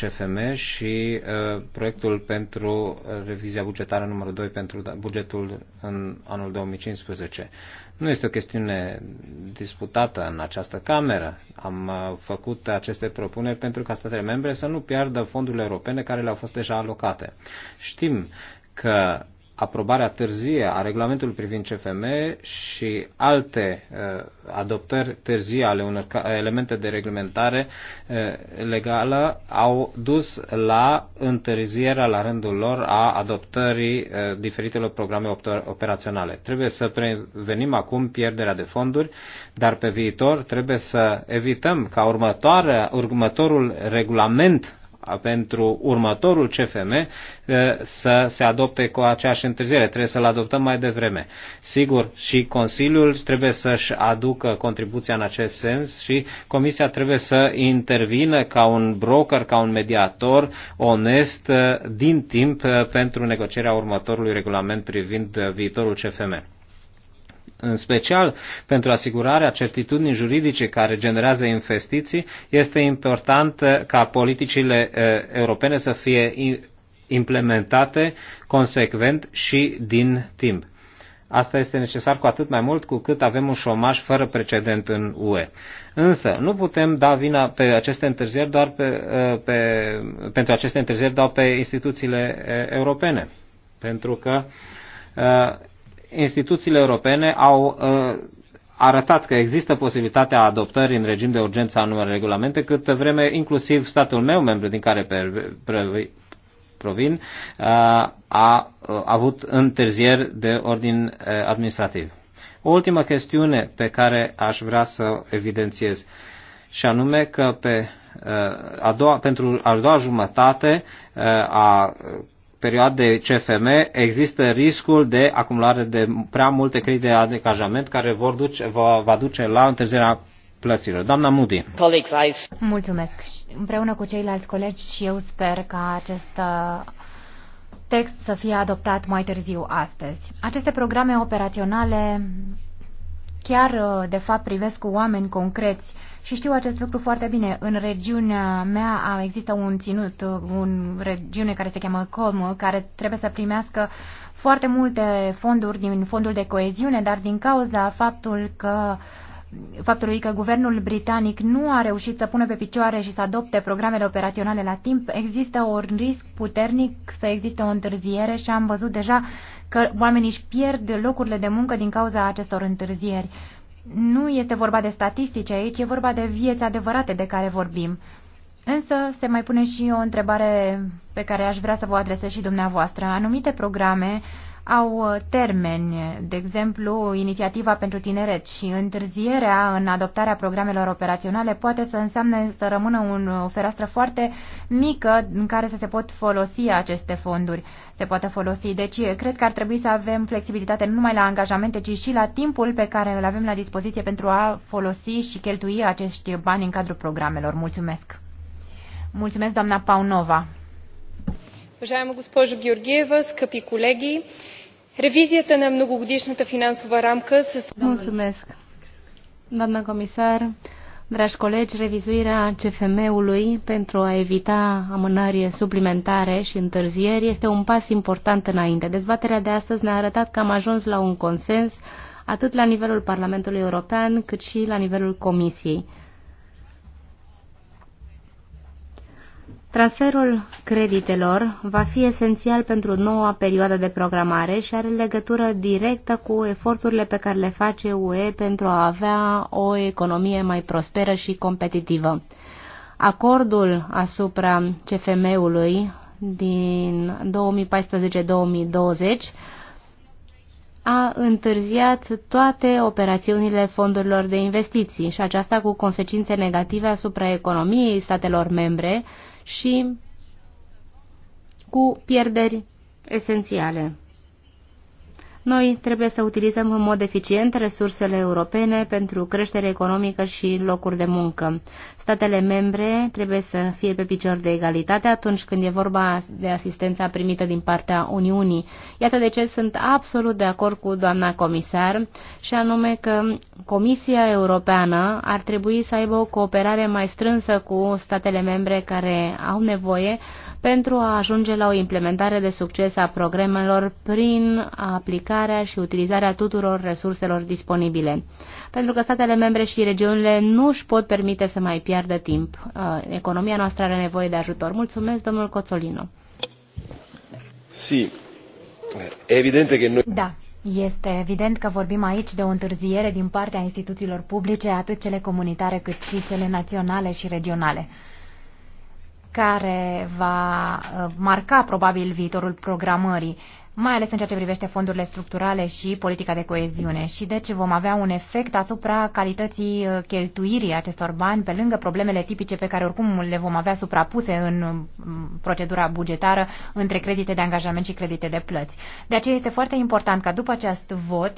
CFM și uh, proiectul pentru uh, revizia bugetară numărul 2 pentru da, bugetul în anul 2015. Nu este o chestiune disputată în această cameră. Am uh, făcut aceste propuneri pentru ca statele membre să nu piardă fondurile europene care le-au fost deja alocate. Știm că aprobarea târzie a regulamentului privind CFM și alte uh, adoptări târzie ale unor elemente de reglementare uh, legală au dus la întârzierea la rândul lor a adoptării uh, diferitelor programe operaționale. Trebuie să prevenim acum pierderea de fonduri, dar pe viitor trebuie să evităm ca următoarea, următorul regulament pentru următorul CFM eh, să se adopte cu aceeași întârziere. Trebuie să-l adoptăm mai devreme. Sigur, și Consiliul trebuie să-și aducă contribuția în acest sens și Comisia trebuie să intervină ca un broker, ca un mediator onest eh, din timp eh, pentru negocierea următorului regulament privind viitorul CFM în special pentru asigurarea certitudinii juridice care generează investiții, este important uh, ca politicile uh, europene să fie implementate consecvent și din timp. Asta este necesar cu atât mai mult cu cât avem un șomaj fără precedent în UE. Însă, nu putem da vina pe aceste întârzieri doar pe, uh, pe, pentru aceste întârzieri doar pe instituțiile europene. Pentru că instituțiile europene au uh, arătat că există posibilitatea adoptării în regim de urgență a unor regulamente, câtă vreme inclusiv statul meu, membru din care provin, uh, uh, a avut întârzieri de ordin administrativ. O ultimă chestiune pe care aș vrea să o evidențiez și anume că pe a doua, pentru a doua jumătate a perioade CFM există riscul de acumulare de prea multe credite de angajament care vor duce, va, va duce la întârzierea plăților. Doamna Moody. Mulțumesc. Împreună cu ceilalți colegi și eu sper că acest uh, text să fie adoptat mai târziu astăzi. Aceste programe operaționale chiar uh, de fapt privesc cu oameni concreți și știu acest lucru foarte bine. În regiunea mea există un ținut, un regiune care se cheamă Colmă, care trebuie să primească foarte multe fonduri din fondul de coeziune, dar din cauza faptul că faptului că guvernul britanic nu a reușit să pună pe picioare și să adopte programele operaționale la timp, există un risc puternic să existe o întârziere și am văzut deja că oamenii își pierd locurile de muncă din cauza acestor întârzieri. Nu este vorba de statistici aici, e vorba de vieți adevărate de care vorbim. Însă se mai pune și o întrebare pe care aș vrea să vă adresez și dumneavoastră. Anumite programe uh, au uh, termeni, de exemplu, inițiativa pentru tineret și întârzierea în adoptarea programelor operaționale poate să înseamnă să rămână un, uh, o fereastră foarte mică în care să se pot folosi aceste fonduri. Se poate folosi. Deci, cred că ar trebui să avem flexibilitate nu numai la angajamente, ci și la timpul pe care îl avem la dispoziție pentru a folosi și cheltui acești bani în cadrul programelor. Mulțumesc! Mulțumesc, doamna Paunova! Уважаема госпожо Георгиева, скъпи колеги, Ревизията на многогодишната финансова рамка с... Mulțumesc, doamnă comisar. Dragi colegi, revizuirea CFM-ului pentru a evita amânări suplimentare și întârzieri este un pas important înainte. Dezbaterea de astăzi ne-a arătat că am ajuns la un consens atât la nivelul Parlamentului European cât și la nivelul Comisiei. Transferul creditelor va fi esențial pentru noua perioadă de programare și are legătură directă cu eforturile pe care le face UE pentru a avea o economie mai prosperă și competitivă. Acordul asupra CFM-ului din 2014-2020 a întârziat toate operațiunile fondurilor de investiții și aceasta cu consecințe negative asupra economiei statelor membre, și cu pierderi esențiale. Noi trebuie să utilizăm în mod eficient resursele europene pentru creștere economică și locuri de muncă. Statele membre trebuie să fie pe picior de egalitate atunci când e vorba de asistența primită din partea Uniunii. Iată de ce sunt absolut de acord cu doamna comisar și anume că Comisia Europeană ar trebui să aibă o cooperare mai strânsă cu statele membre care au nevoie pentru a ajunge la o implementare de succes a programelor prin aplicarea și utilizarea tuturor resurselor disponibile. Pentru că statele membre și regiunile nu își pot permite să mai piardă timp. Uh, economia noastră are nevoie de ajutor. Mulțumesc, domnul Coțolino. Si. Evident că nu... Da. Este evident că vorbim aici de o întârziere din partea instituțiilor publice, atât cele comunitare cât și cele naționale și regionale care va uh, marca probabil viitorul programării, mai ales în ceea ce privește fondurile structurale și politica de coeziune. Și deci vom avea un efect asupra calității uh, cheltuirii acestor bani, pe lângă problemele tipice pe care oricum le vom avea suprapuse în mm, procedura bugetară între credite de angajament și credite de plăți. De aceea este foarte important ca după acest vot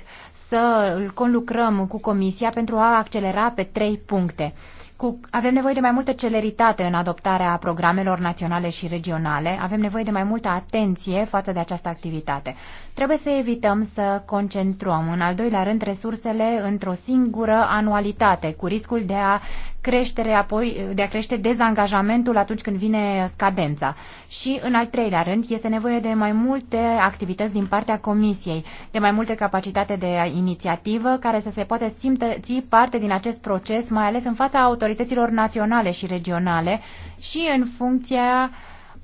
să conlucrăm cu Comisia pentru a accelera pe trei puncte cu, avem nevoie de mai multă celeritate în adoptarea programelor naționale și regionale, avem nevoie de mai multă atenție față de această activitate. Trebuie să evităm să concentrăm, în al doilea rând, resursele într-o singură anualitate, cu riscul de a creștere, apoi de a crește dezangajamentul atunci când vine cadența. Și în al treilea rând este nevoie de mai multe activități din partea Comisiei, de mai multe capacitate de inițiativă care să se poată simți parte din acest proces, mai ales în fața autorităților naționale și regionale și în funcția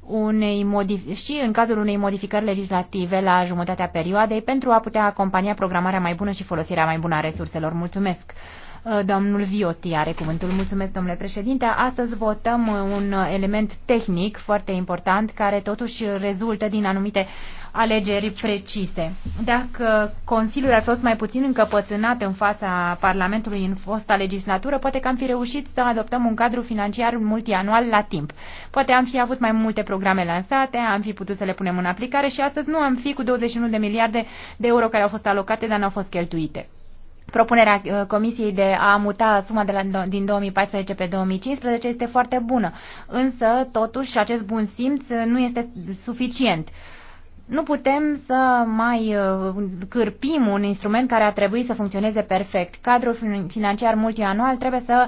unei și în cazul unei modificări legislative la jumătatea perioadei pentru a putea acompania programarea mai bună și folosirea mai bună a resurselor. Mulțumesc! Uh, domnul Vioti are cuvântul. Mulțumesc, domnule președinte. Astăzi votăm uh, un uh, element tehnic foarte important care totuși rezultă din anumite alegeri precise. Dacă Consiliul ar fost mai puțin încăpățânat în fața Parlamentului în fosta legislatură, poate că am fi reușit să adoptăm un cadru financiar multianual la timp. Poate am fi avut mai multe programe lansate, am fi putut să le punem în aplicare și astăzi nu am fi cu 21 de miliarde de euro care au fost alocate, dar nu au fost cheltuite propunerea uh, Comisiei de a muta suma de la, din 2014 pe 2015 este foarte bună, însă totuși acest bun simț uh, nu este suficient. Nu putem să mai uh, cârpim un instrument care ar trebui să funcționeze perfect. Cadrul financiar multianual trebuie să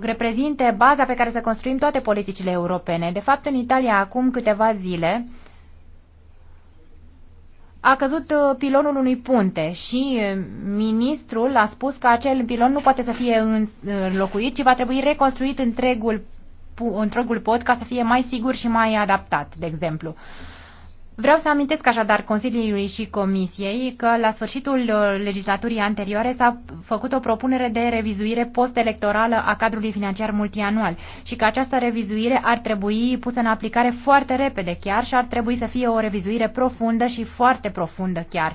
reprezinte baza pe care să construim toate politicile europene. De fapt, în Italia, acum câteva zile, a căzut uh, pilonul unui punte și uh, ministrul a spus că acel pilon nu poate să fie uh, înlocuit, ci va trebui reconstruit întregul, întregul pod ca să fie mai sigur și mai adaptat, de exemplu. Vreau să amintesc așadar Consiliului și Comisiei că la sfârșitul uh, legislaturii anterioare s-a făcut o propunere de revizuire post-electorală a cadrului financiar multianual și că această revizuire ar trebui pusă în aplicare foarte repede chiar și ar trebui să fie o revizuire profundă și foarte profundă chiar.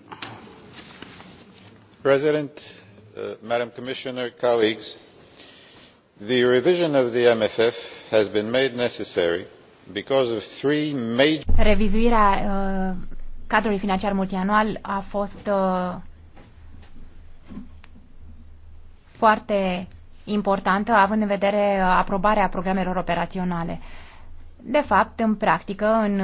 president uh, madam commissioner colleagues the revision of the mff has been made necessary because of three major. revizuirea uh, cadrului financiar multianual a fost uh, foarte importantă având în vedere aprobarea programelor operaționale. De fapt, în practică, în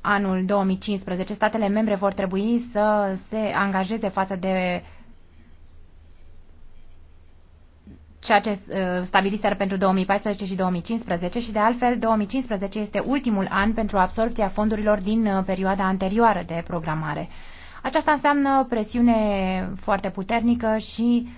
anul 2015, statele membre vor trebui să se angajeze față de ceea ce uh, stabiliseră pentru 2014 și 2015 și de altfel 2015 este ultimul an pentru absorpția fondurilor din uh, perioada anterioară de programare. Aceasta înseamnă presiune foarte puternică și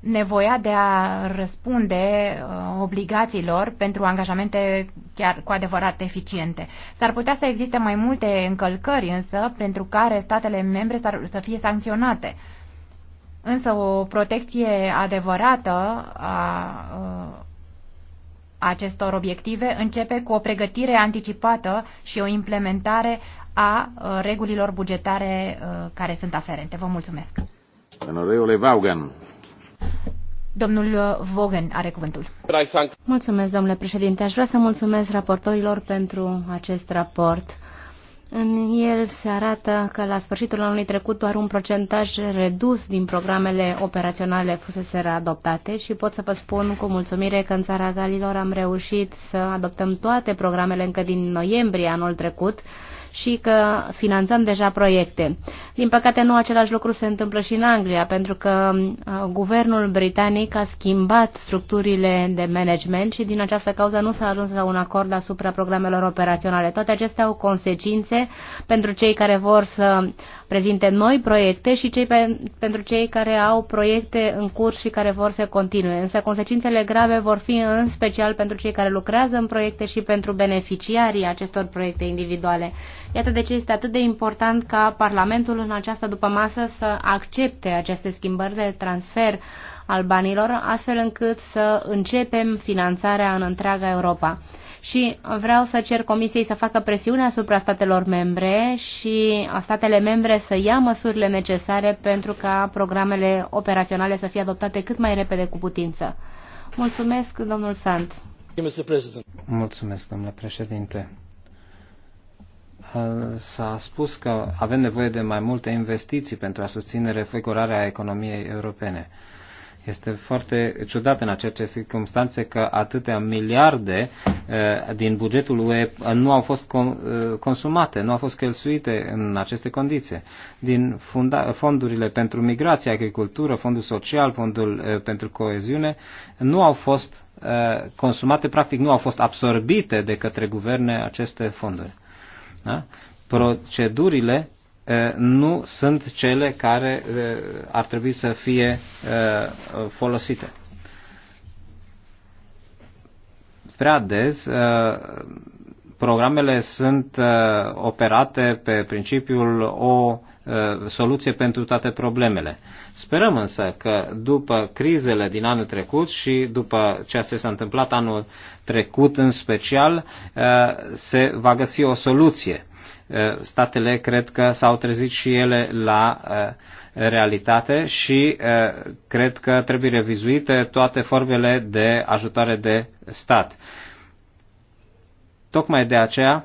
nevoia de a răspunde uh, obligațiilor pentru angajamente chiar cu adevărat eficiente. S-ar putea să existe mai multe încălcări însă pentru care statele membre să fie sancționate. Însă o protecție adevărată a acestor obiective începe cu o pregătire anticipată și o implementare a regulilor bugetare care sunt aferente. Vă mulțumesc. Vaughan. Domnul Vogen are cuvântul. Mulțumesc, domnule președinte. Aș vrea să mulțumesc raportorilor pentru acest raport. În el se arată că la sfârșitul anului trecut doar un procentaj redus din programele operaționale fusese adoptate și pot să vă spun cu mulțumire că în țara Galilor am reușit să adoptăm toate programele încă din noiembrie anul trecut, și că finanțăm deja proiecte. Din păcate, nu același lucru se întâmplă și în Anglia, pentru că uh, guvernul britanic a schimbat structurile de management și din această cauză nu s-a ajuns la un acord asupra programelor operaționale. Toate acestea au consecințe pentru cei care vor să prezinte noi proiecte și cei pe, pentru cei care au proiecte în curs și care vor să continue. Însă consecințele grave vor fi în special pentru cei care lucrează în proiecte și pentru beneficiarii acestor proiecte individuale. Iată de ce este atât de important ca Parlamentul în această dupămasă să accepte aceste schimbări de transfer al banilor, astfel încât să începem finanțarea în întreaga Europa și vreau să cer Comisiei să facă presiune asupra statelor membre și statele membre să ia măsurile necesare pentru ca programele operaționale să fie adoptate cât mai repede cu putință. Mulțumesc, domnul Sant. Mulțumesc, domnule președinte s-a spus că avem nevoie de mai multe investiții pentru a susține refigurarea economiei europene. Este foarte ciudat în aceste circunstanțe că atâtea miliarde eh, din bugetul UE nu au fost eh, consumate, nu au fost cheltuite în aceste condiții. Din fondurile pentru migrație, agricultură, fondul social, fondul eh, pentru coeziune, nu au fost consumate, practic nu au fost absorbite de către guverne aceste fonduri. Da? Procedurile nu sunt cele care ar trebui să fie folosite. Prea des, programele sunt operate pe principiul o soluție pentru toate problemele. Sperăm însă că după crizele din anul trecut și după ceea ce s-a întâmplat anul trecut în special, uh, se va găsi o soluție. Uh, statele cred că s-au trezit și ele la uh, realitate și cred că trebuie revizuite toate formele de ajutoare de stat. Tocmai de aceea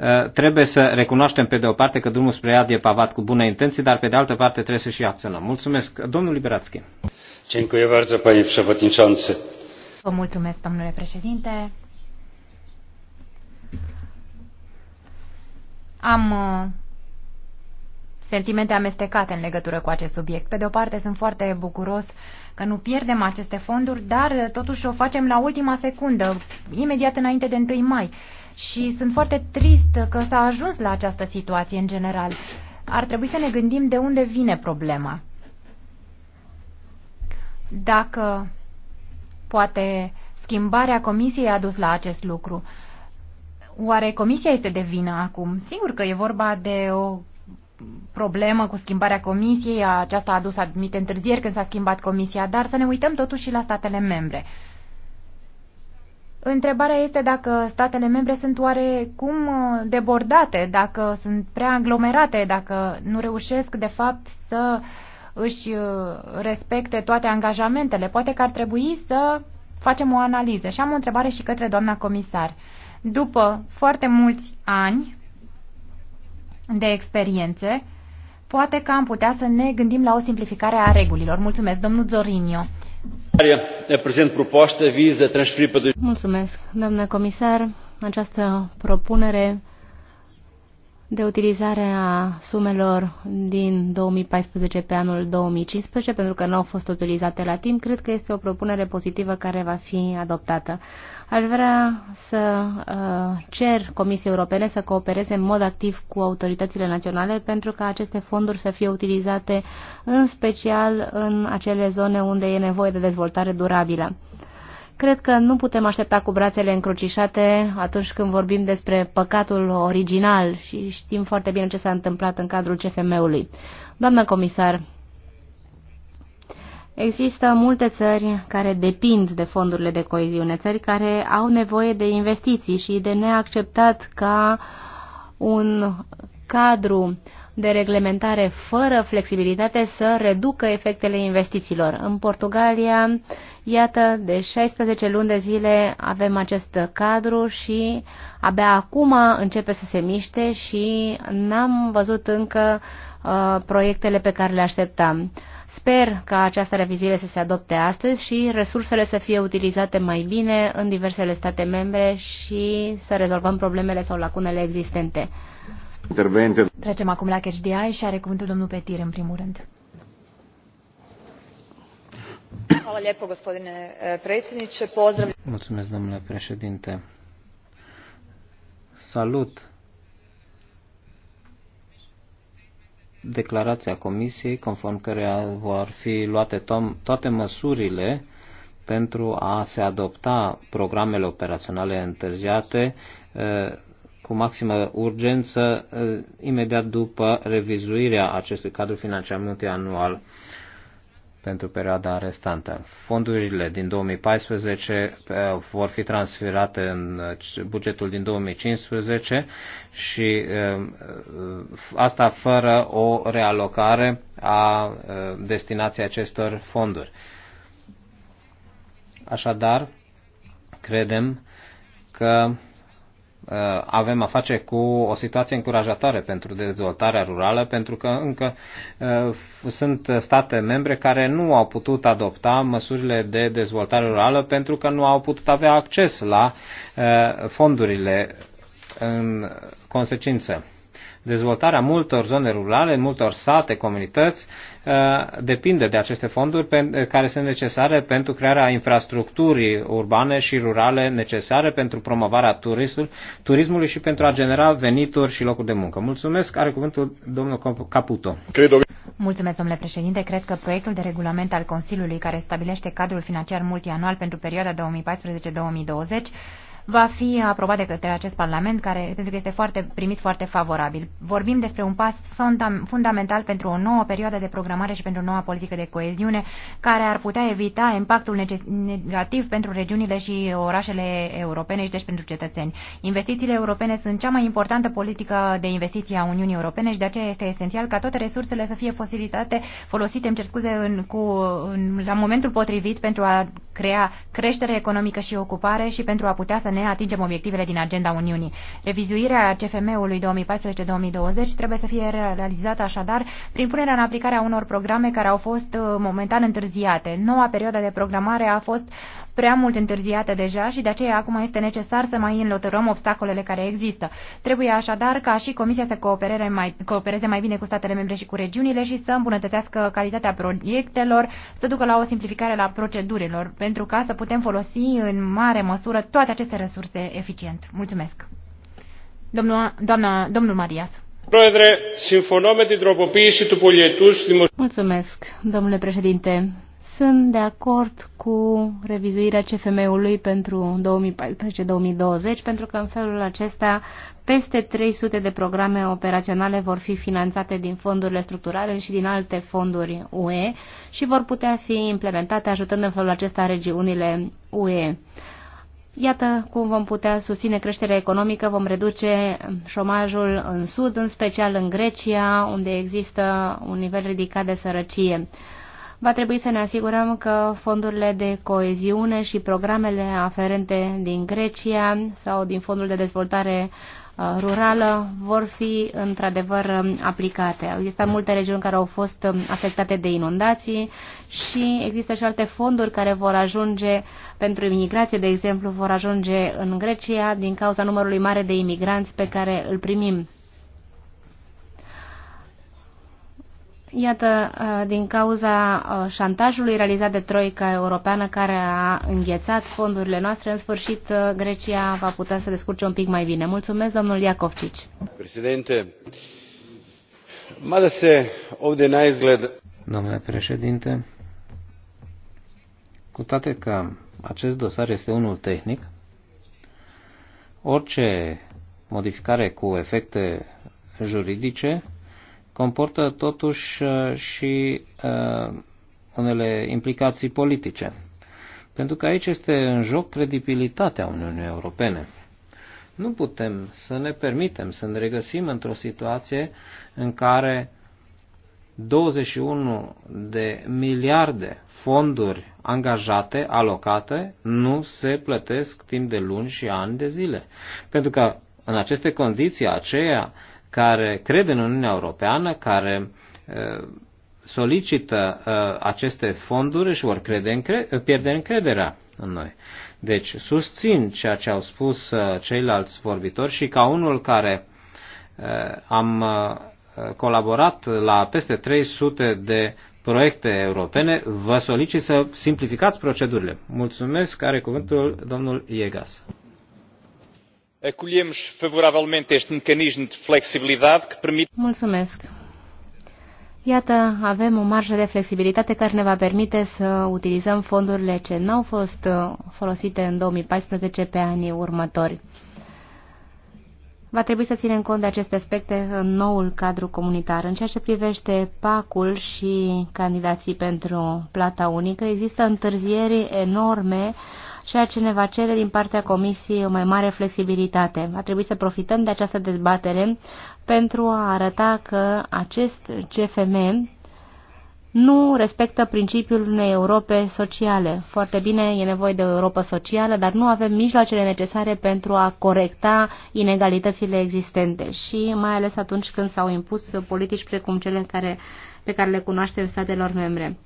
Eh, trebuie să recunoaștem pe de o parte că drumul spre iad e pavat cu bune intenții, dar pe de altă parte trebuie să și acționăm. Mulțumesc. Domnul Liberațchi. Dziękuję bardzo, panie przewodniczący. Vă mulțumesc, domnule președinte. Am eh, sentimente amestecate în legătură cu acest subiect. Pe de o parte, sunt foarte bucuros că nu pierdem aceste fonduri, dar eh, totuși o facem la ultima secundă, imediat înainte de 1 mai și sunt foarte trist că s-a ajuns la această situație în general. Ar trebui să ne gândim de unde vine problema. Dacă poate schimbarea comisiei a dus la acest lucru. Oare comisia este de vină acum? Sigur că e vorba de o problemă cu schimbarea comisiei, aceasta a adus admite întârzieri când s-a schimbat comisia, dar să ne uităm totuși și la statele membre. Întrebarea este dacă statele membre sunt oarecum uh, debordate, dacă sunt prea aglomerate, dacă nu reușesc de fapt să își uh, respecte toate angajamentele. Poate că ar trebui să facem o analiză. Și am o întrebare și către doamna comisar. După foarte mulți ani de experiențe, poate că am putea să ne gândim la o simplificare a regulilor. Mulțumesc, domnul Zorinio. Mulțumesc, doamnă comisar. Această propunere de utilizare a sumelor din 2014 pe anul 2015, pentru că nu au fost utilizate la timp, cred că este o propunere pozitivă care va fi adoptată. Aș vrea să uh, cer Comisiei Europene să coopereze în mod activ cu autoritățile naționale pentru ca aceste fonduri să fie utilizate în special în acele zone unde e nevoie de dezvoltare durabilă. Cred că nu putem aștepta cu brațele încrucișate atunci când vorbim despre păcatul original și știm foarte bine ce s-a întâmplat în cadrul CFM-ului. Doamna comisar, există multe țări care depind de fondurile de coeziune, țări care au nevoie de investiții și de neacceptat ca un cadru de reglementare fără flexibilitate să reducă efectele investițiilor. În Portugalia Iată, de 16 luni de zile avem acest cadru și abia acum începe să se miște și n-am văzut încă uh, proiectele pe care le așteptam. Sper ca această revizuire să se adopte astăzi și resursele să fie utilizate mai bine în diversele state membre și să rezolvăm problemele sau lacunele existente. Intervente. Trecem acum la HDI și are cuvântul domnul Petir în primul rând gospodine predsjedniče domnule președinte salut declarația comisiei conform căreia vor fi luate toate măsurile pentru a se adopta programele operaționale întârziate cu maximă urgență imediat după revizuirea acestui cadru financiar multianual pentru perioada restantă. Fondurile din 2014 eh, vor fi transferate în eh, bugetul din 2015 și eh, asta fără o realocare a destinației acestor fonduri. Așadar, credem că Uh, avem a face cu o situație încurajatoare pentru dezvoltarea rurală, pentru că încă uh, sunt state membre care nu au putut adopta măsurile de dezvoltare rurală pentru că nu au putut avea acces la uh, fondurile în consecință. Dezvoltarea multor zone rurale, multor sate, comunități, uh, depinde de aceste fonduri uh, care sunt necesare pentru crearea infrastructurii urbane și rurale necesare pentru promovarea turismului și pentru a genera venituri și locuri de muncă. Mulțumesc. Are cuvântul domnul Caputo. Mulțumesc, domnule președinte. Cred că proiectul de regulament al Consiliului care stabilește cadrul financiar multianual pentru perioada 2014-2020 va fi aprobat de către acest Parlament, care pentru că este foarte primit foarte favorabil. Vorbim despre un pas fundamental pentru o nouă perioadă de programare și pentru noua politică de coeziune, care ar putea evita impactul negativ pentru regiunile și orașele europene și deci pentru cetățeni. Investițiile europene sunt cea mai importantă politică de investiții a Uniunii Europene și de aceea este esențial ca toate resursele să fie facilitate, folosite, îmi cer scuze, în, cu, în, la momentul potrivit pentru a crea creștere economică și ocupare și pentru a putea să ne ne atingem obiectivele din agenda Uniunii. Revizuirea CFM-ului 2014-2020 trebuie să fie realizată așadar prin punerea în aplicare a unor programe care au fost uh, momentan întârziate. Noua perioadă de programare a fost prea mult întârziată deja și de aceea acum este necesar să mai înlăturăm obstacolele care există. Trebuie așadar ca și Comisia să coopereze mai, coopereze mai bine cu statele membre și cu regiunile și să îmbunătățească calitatea proiectelor, să ducă la o simplificare la procedurilor, pentru ca să putem folosi în mare măsură toate aceste resurse eficient. Mulțumesc. Domnul, doamna, domnul Marias. Mulțumesc, domnule președinte. Sunt de acord cu revizuirea CFM-ului pentru 2014-2020, pentru că în felul acesta peste 300 de programe operaționale vor fi finanțate din fondurile structurale și din alte fonduri UE și vor putea fi implementate ajutând în felul acesta regiunile UE. Iată cum vom putea susține creșterea economică, vom reduce șomajul în Sud, în special în Grecia, unde există un nivel ridicat de sărăcie va trebui să ne asigurăm că fondurile de coeziune și programele aferente din Grecia sau din Fondul de Dezvoltare uh, Rurală vor fi într-adevăr aplicate. Au existat multe regiuni care au fost um, afectate de inundații și există și alte fonduri care vor ajunge pentru imigrație, de exemplu, vor ajunge în Grecia din cauza numărului mare de imigranți pe care îl primim. Iată, uh, din cauza uh, șantajului realizat de Troica Europeană, care a înghețat fondurile noastre, în sfârșit uh, Grecia va putea să descurce un pic mai bine. Mulțumesc, domnul Iacovcici. Președinte, mada se de naizgled... Domnule președinte, cu toate că acest dosar este unul tehnic, orice modificare cu efecte juridice comportă totuși uh, și uh, unele implicații politice. Pentru că aici este în joc credibilitatea Uniunii Europene. Nu putem să ne permitem să ne regăsim într-o situație în care 21 de miliarde fonduri angajate, alocate, nu se plătesc timp de luni și ani de zile. Pentru că în aceste condiții aceea care cred în Uniunea Europeană, care uh, solicită uh, aceste fonduri și vor crede cre- uh, pierde încrederea în noi. Deci susțin ceea ce au spus ceilalți vorbitori și ca unul care am colaborat la peste 300 de proiecte europene, vă solicit să simplificați procedurile. Mulțumesc, are cuvântul domnul Iegas acolhemos favoravelmente este mecanismo de flexibilidade que permite. Mulțumesc. Iată, avem o marjă de flexibilitate care ne va permite să utilizăm fondurile ce nu au fost uh, folosite în 2014 pe anii următori. Va trebui să ținem cont de aceste aspecte în noul cadru comunitar. În ceea ce privește PAC-ul și candidații pentru plata unică, există întârzieri enorme ceea ce ne va cere din partea Comisiei o mai mare flexibilitate. Va trebui să profităm de această dezbatere pentru a arăta că acest CFM nu respectă principiul unei Europe sociale. Foarte bine, e nevoie de o Europa socială, dar nu avem mijloacele necesare pentru a corecta inegalitățile existente și mai ales atunci când s-au impus politici precum cele care, pe care le cunoaștem statelor membre.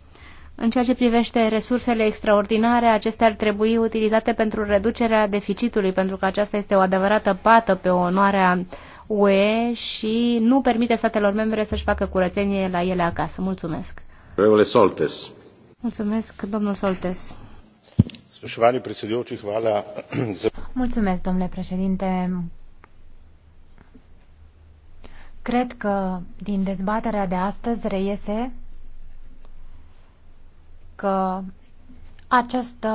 În ceea ce privește resursele extraordinare, acestea ar trebui utilizate pentru reducerea deficitului, pentru că aceasta este o adevărată pată pe onoarea UE și nu permite statelor membre să-și facă curățenie la ele acasă. Mulțumesc. Domnule Soltes. Mulțumesc, domnul Soltes. Mulțumesc, domnule președinte. Cred că din dezbaterea de astăzi reiese că această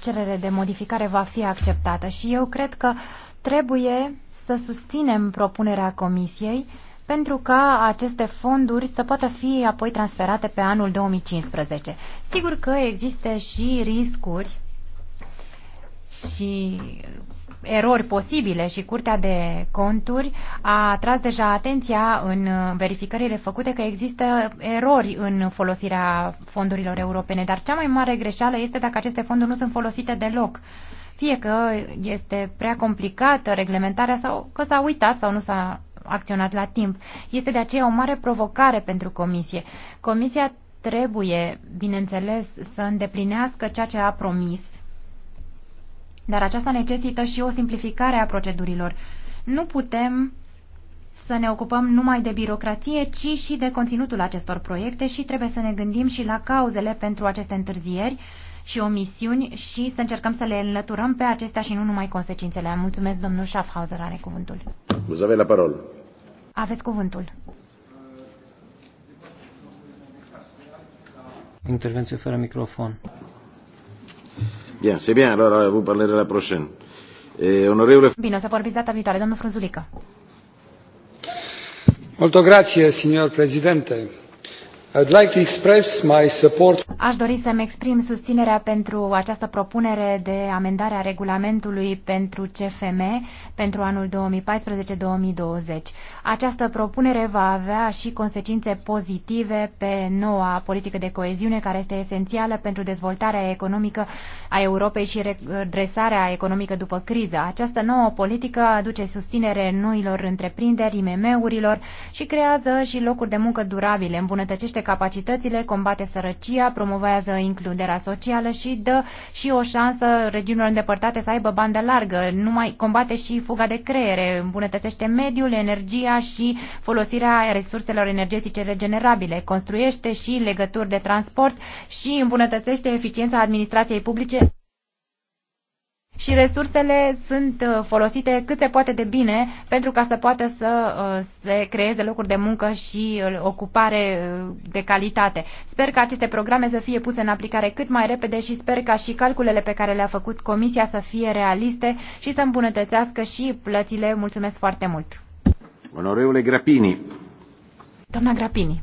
cerere de modificare va fi acceptată și eu cred că trebuie să susținem propunerea Comisiei pentru ca aceste fonduri să poată fi apoi transferate pe anul 2015. Sigur că există și riscuri și erori posibile și Curtea de Conturi a atras deja atenția în verificările făcute că există erori în folosirea fondurilor europene, dar cea mai mare greșeală este dacă aceste fonduri nu sunt folosite deloc. Fie că este prea complicată reglementarea sau că s-a uitat sau nu s-a acționat la timp. Este de aceea o mare provocare pentru Comisie. Comisia trebuie, bineînțeles, să îndeplinească ceea ce a promis dar aceasta necesită și o simplificare a procedurilor. Nu putem să ne ocupăm numai de birocrație, ci și de conținutul acestor proiecte și trebuie să ne gândim și la cauzele pentru aceste întârzieri și omisiuni și să încercăm să le înlăturăm pe acestea și nu numai consecințele. Mulțumesc, domnul Schaffhauser are cuvântul. Vă aveți la parol. Aveți cuvântul. Intervenție fără microfon. Bine, se bine, allora eh, vous parlerez la prochaine. Eh, onorevole... Bine, să vorbim data viitoare. Domnul Frunzulică. Molto grazie, signor Presidente Aș dori să-mi exprim susținerea pentru această propunere de amendare a regulamentului pentru CFM pentru anul 2014-2020. Această propunere va avea și consecințe pozitive pe noua politică de coeziune care este esențială pentru dezvoltarea economică a Europei și redresarea economică după criză. Această nouă politică aduce susținere noilor întreprinderi, IMM-urilor și creează și locuri de muncă durabile, îmbunătățește crește capacitățile, combate sărăcia, promovează includerea socială și dă și o șansă regiunilor îndepărtate să aibă bandă largă, numai combate și fuga de creiere, îmbunătățește mediul, energia și folosirea resurselor energetice regenerabile, construiește și legături de transport și îmbunătățește eficiența administrației publice și resursele sunt uh, folosite cât se poate de bine pentru ca să poată să uh, se creeze locuri de muncă și uh, ocupare de calitate. Sper că aceste programe să fie puse în aplicare cât mai repede și sper ca și calculele pe care le-a făcut Comisia să fie realiste și să îmbunătățească și plățile. Mulțumesc foarte mult! Onorevole Grapini. Doamna Grapini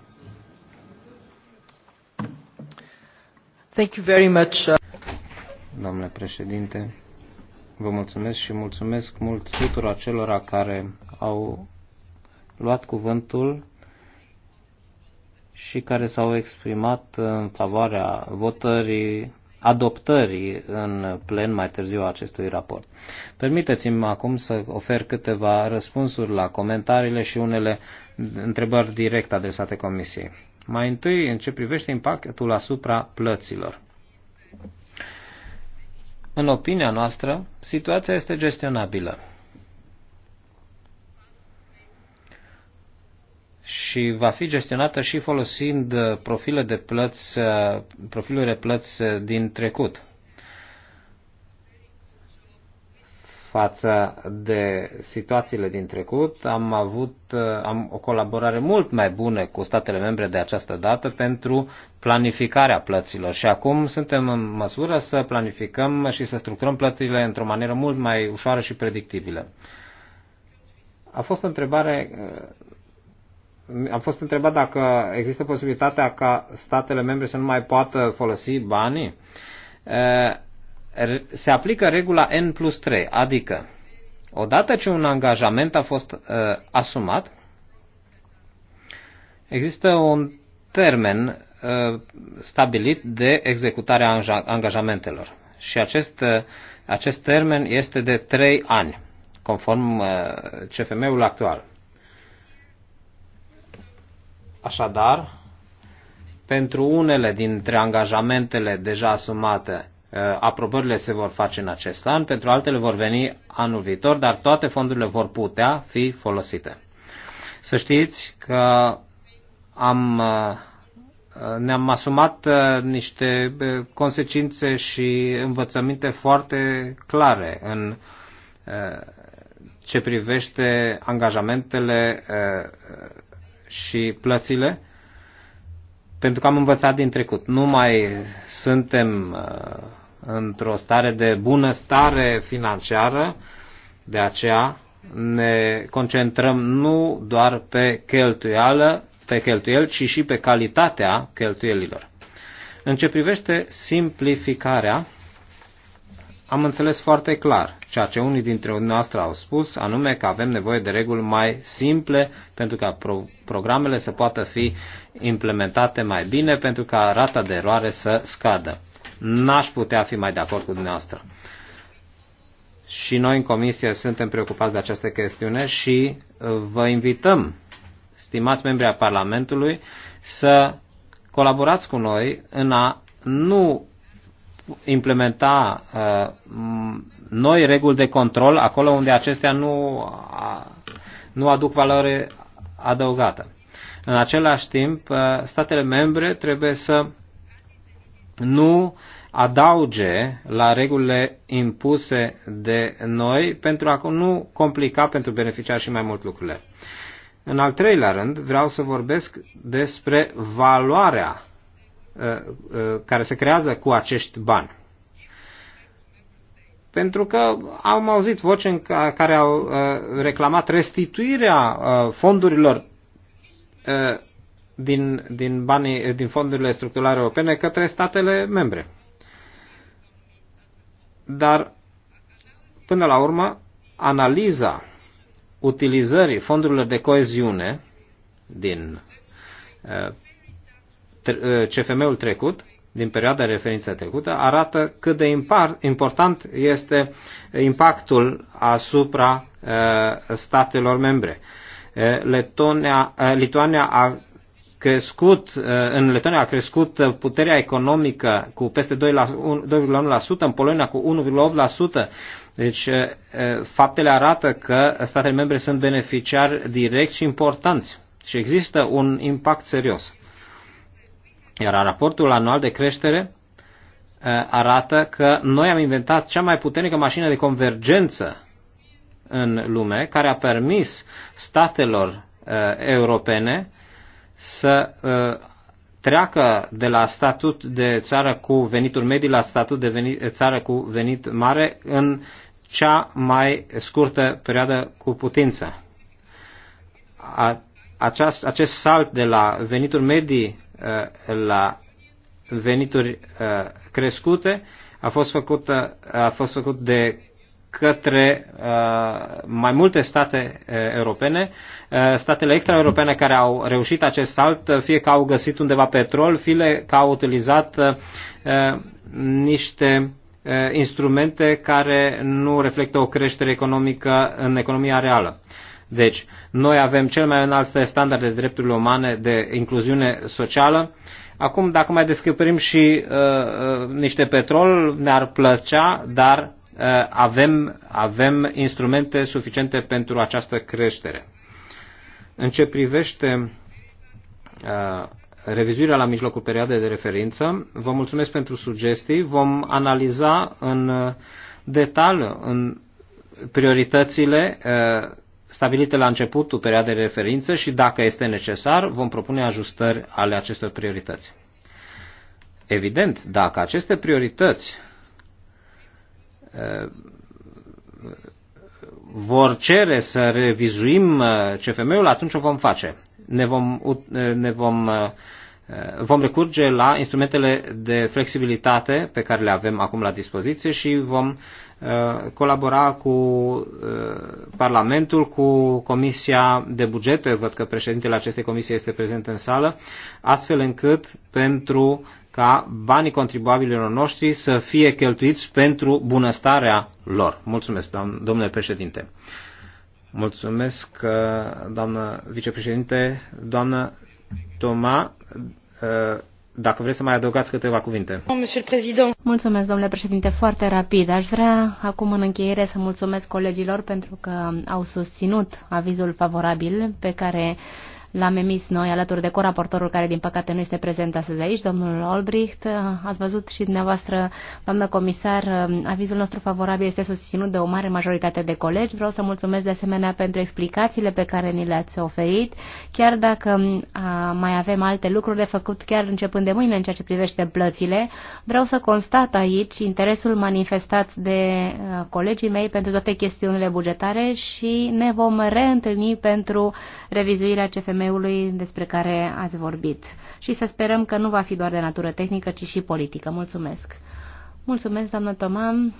Thank you very much. Uh, Domnule președinte, vă mulțumesc și mulțumesc mult tuturor celor care au luat cuvântul și care s-au exprimat în favoarea votării, adoptării în plen mai târziu a acestui raport. Permiteți-mi acum să ofer câteva răspunsuri la comentariile și unele întrebări direct adresate Comisiei. Mai întâi, în ce privește impactul asupra plăților. În opinia noastră, situația este gestionabilă. și va fi gestionată și folosind profile de plăți, profilurile de plăți din trecut. față de situațiile din trecut. Am avut uh, am o colaborare mult mai bună cu statele membre de această dată pentru planificarea plăților și acum suntem în măsură să planificăm și să structurăm plățile într-o manieră mult mai ușoară și predictibilă. A fost o întrebare uh, am fost întrebat dacă există posibilitatea ca statele membre să nu mai poată folosi banii. Uh, se aplică regula N plus 3, adică odată ce un angajament a fost uh, asumat, există un termen uh, stabilit de executarea angajamentelor. Și acest, uh, acest termen este de 3 ani, conform uh, CFM-ul actual. Așadar, pentru unele dintre angajamentele deja asumate Uh, aprobările se vor face în acest an, pentru altele vor veni anul viitor, dar toate fondurile vor putea fi folosite. Să știți că am, uh, ne-am asumat uh, niște consecințe și învățăminte foarte clare în ce privește angajamentele și plățile, pentru că am învățat din trecut. Nu mai suntem într-o stare de bunăstare financiară, de aceea ne concentrăm nu doar pe cheltuială, pe cheltuieli, ci și pe calitatea cheltuielilor. În ce privește simplificarea, am înțeles foarte clar ceea ce unii dintre noastre au spus, anume că avem nevoie de reguli mai simple pentru ca pro- programele să poată fi implementate mai bine, pentru ca rata de eroare să scadă. N-aș putea fi mai de acord cu dumneavoastră. Și noi în comisie suntem preocupați de această chestiune și uh, vă invităm, stimați membri ai Parlamentului, să colaborați cu noi în a nu implementa uh, noi reguli de control acolo unde acestea nu, a, nu aduc valoare adăugată. În același timp, uh, statele membre trebuie să nu adauge la regulile impuse de noi pentru a nu complica pentru beneficiar și mai mult lucrurile. În al treilea rând, vreau să vorbesc despre valoarea uh, uh, care se creează cu acești bani. Pentru că am auzit voce în care au uh, reclamat restituirea fondurilor din, din, banii, din fondurile structurale europene către statele membre. Dar, până la urmă, analiza utilizării fondurilor de coeziune din uh, uh, CFM-ul trecut, din perioada de referință trecută, arată cât de important este impactul asupra uh, statelor membre. Letonia, Lituania a crescut, uh, în Letonia a crescut uh, puterea economică cu peste 2,1%, în Polonia cu 1,8%. Deci uh, faptele arată că statele membre sunt beneficiari direct și importanți și există un impact serios. Iar raportul anual de creștere arată că noi am inventat cea mai puternică mașină de convergență în lume, care a permis statelor europene să uh, treacă de la statut de țară cu venituri medii la statut de venit, țară cu venit mare în cea mai scurtă perioadă cu putință. A, aceast, acest salt de la venituri medii uh, la venituri uh, crescute a fost făcut, a fost făcut de către uh, mai multe state uh, europene, uh, statele extraeuropene care au reușit acest salt, uh, fie că au găsit undeva petrol, fie că au utilizat uh, uh, niște uh, instrumente care nu reflectă o creștere economică în economia reală. Deci, noi avem cel mai înalt standarde de drepturile umane, de incluziune socială, Acum, dacă mai descoperim și uh, uh niște petrol, ne-ar plăcea, dar Uh, avem, avem instrumente suficiente pentru această creștere. În ce privește uh, revizuirea la mijlocul perioadei de referință, vă mulțumesc pentru sugestii, vom analiza în uh, detaliu în prioritățile stabilite la începutul perioadei de referință și, dacă este necesar, vom propune ajustări ale acestor priorități. Evident, dacă aceste priorități Uh, vor cere să revizuim uh, CFM-ul, atunci o vom face. Ne vom, uh, ne vom, vom recurge la instrumentele de flexibilitate pe care le avem acum la dispoziție și vom colabora cu Parlamentul, cu Comisia de Bugete, văd că președintele acestei comisii este prezent în sală, astfel încât pentru ca banii contribuabililor noștri să fie cheltuiți pentru bunăstarea lor. Mulțumesc, domnule președinte. Mulțumesc, uh, doamnă vicepreședinte. Doamnă Toma, uh, dacă vreți să mai adăugați câteva cuvinte. Oh, mulțumesc, domnule președinte, foarte rapid. Aș vrea acum în încheiere să mulțumesc colegilor pentru că au susținut avizul favorabil pe care l-am emis noi alături de coraportorul care din păcate nu este prezent astăzi aici, domnul Olbricht. Ați văzut și dumneavoastră, doamnă comisar, avizul nostru favorabil este susținut de o mare majoritate de colegi. Vreau să mulțumesc de asemenea pentru explicațiile pe care ni le-ați oferit, chiar dacă mai avem alte lucruri de făcut chiar începând de mâine în ceea ce privește plățile. Vreau să constat aici interesul manifestat de colegii mei pentru toate chestiunile bugetare și ne vom reîntâlni pentru revizuirea CFM cfm despre care ați vorbit și să sperăm că nu va fi doar de natură tehnică, ci și politică. Mulțumesc! Mulțumesc, doamnă Toman!